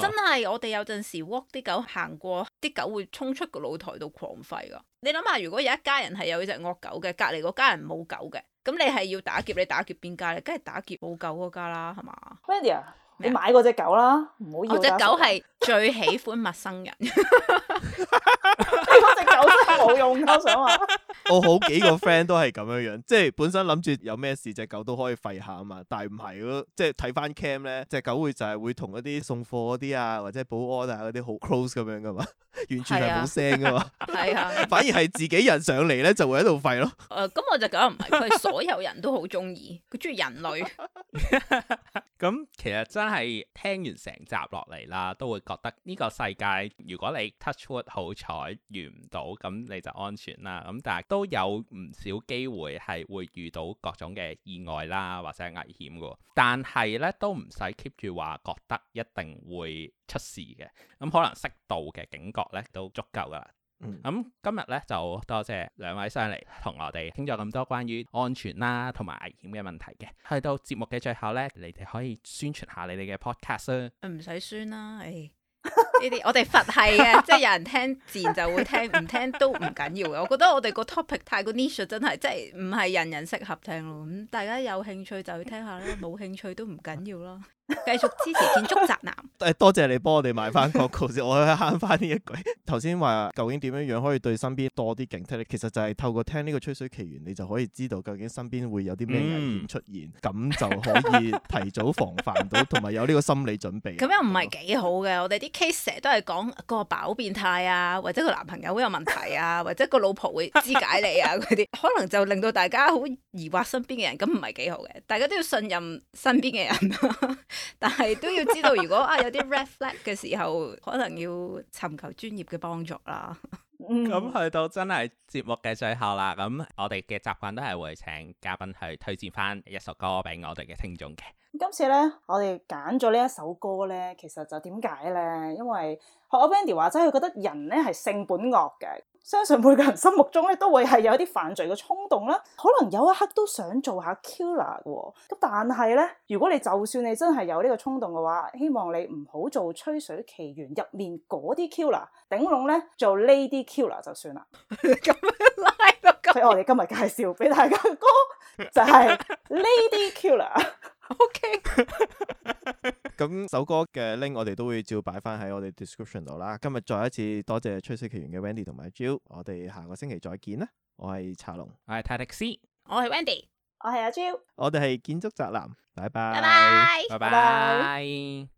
真係我哋有陣時 walk 啲狗行過，啲狗會衝出個露台度狂吠噶。你諗下，如果有一家人係有隻惡狗嘅，隔籬嗰家人冇狗嘅，咁你係要打劫，你打劫邊家咧？梗係打劫冇狗嗰家啦，係嘛？Wendy，你買過隻狗啦，唔，我隻狗係最喜歡陌生人。 冇用啊！想話，我好幾個 friend 都係咁樣樣，即係本身諗住有咩事隻狗都可以吠下啊嘛，但係唔係咯，即係睇翻 cam 咧，隻狗就會就係會同嗰啲送貨嗰啲啊，或者保安啊嗰啲好 close 咁樣噶嘛，完全係冇聲噶嘛，係啊，反而係自己人上嚟咧就會喺度吠咯。誒、 呃，咁我就覺得唔係，佢係所有人都好中意，佢中意人類。 咁其實真係聽完成集落嚟啦，都會覺得呢個世界如果你 touch wood 好彩遇唔到，咁你就安全啦。咁但係都有唔少機會係會遇到各種嘅意外啦，或者危險噶。但係咧都唔使 keep 住話覺得一定會出事嘅，咁可能適度嘅警覺咧都足夠噶啦。咁、嗯嗯、今日咧就多謝兩位上嚟同我哋傾咗咁多關於安全啦同埋危險嘅問題嘅，去到節目嘅最後咧，你哋可以宣傳下你哋嘅 podcast 啦。唔使宣啦，哎，呢啲 我哋佛系嘅， 即係有人聽自然就會聽，唔聽都唔緊要嘅。我覺得我哋個 topic 太過 niche，真係即係唔係人人適合聽咯。咁大家有興趣就去聽下啦，冇 興趣都唔緊要咯。繼續支持建築宅男。誒， 多謝你幫我哋賣翻個故事， 我可以慳翻呢一句。頭先話究竟點樣樣可以對身邊多啲警惕咧？其實就係透過聽呢個吹水奇懸，你就可以知道究竟身邊會有啲咩人出現，咁、嗯、就可以提早防範到，同埋 有呢個心理準備。咁又唔係幾好嘅。 我哋啲 case 成日都係講個爸好變態啊，或者個男朋友會有問題啊， 或者個老婆會肢解你啊嗰啲，可能就令到大家好疑惑身邊嘅人，咁唔係幾好嘅。大家都要信任身邊嘅人。 但係都要知道，如果啊有啲 reflect 嘅時候，可能要尋求專業嘅幫助啦。嗯。咁去到真係節目嘅最後啦，咁我哋嘅習慣都係會請嘉賓去推薦翻一首歌俾我哋嘅聽眾嘅。今次咧，我哋揀咗呢一首歌咧，其實就點解咧？因為學阿 Wendy 話齋，佢覺得人咧係性本惡嘅。相信每個人心目中咧都會係有一啲犯罪嘅衝動啦，可能有一刻都想做下 killer 喎、哦。咁但係咧，如果你就算你真係有呢個衝動嘅話，希望你唔好做《吹水奇懸》入面嗰啲 killer，頂籠咧做 Lady Killer 就算啦。咁樣、 嗯、拉到俾 我哋今日介紹俾大家，歌就係、是、Lady Killer。O K，咁首歌嘅 link 我哋都會照擺翻喺我哋 description 度啦。今日再一次多謝《吹水奇懸》嘅 Wendy 同埋阿 Jill，我哋下個星期再見啦。我係茶龍，我係泰迪斯，我係 Wendy，我係阿 Jill，我哋係建築宅男，拜拜 Bye bye, bye，拜拜，拜拜。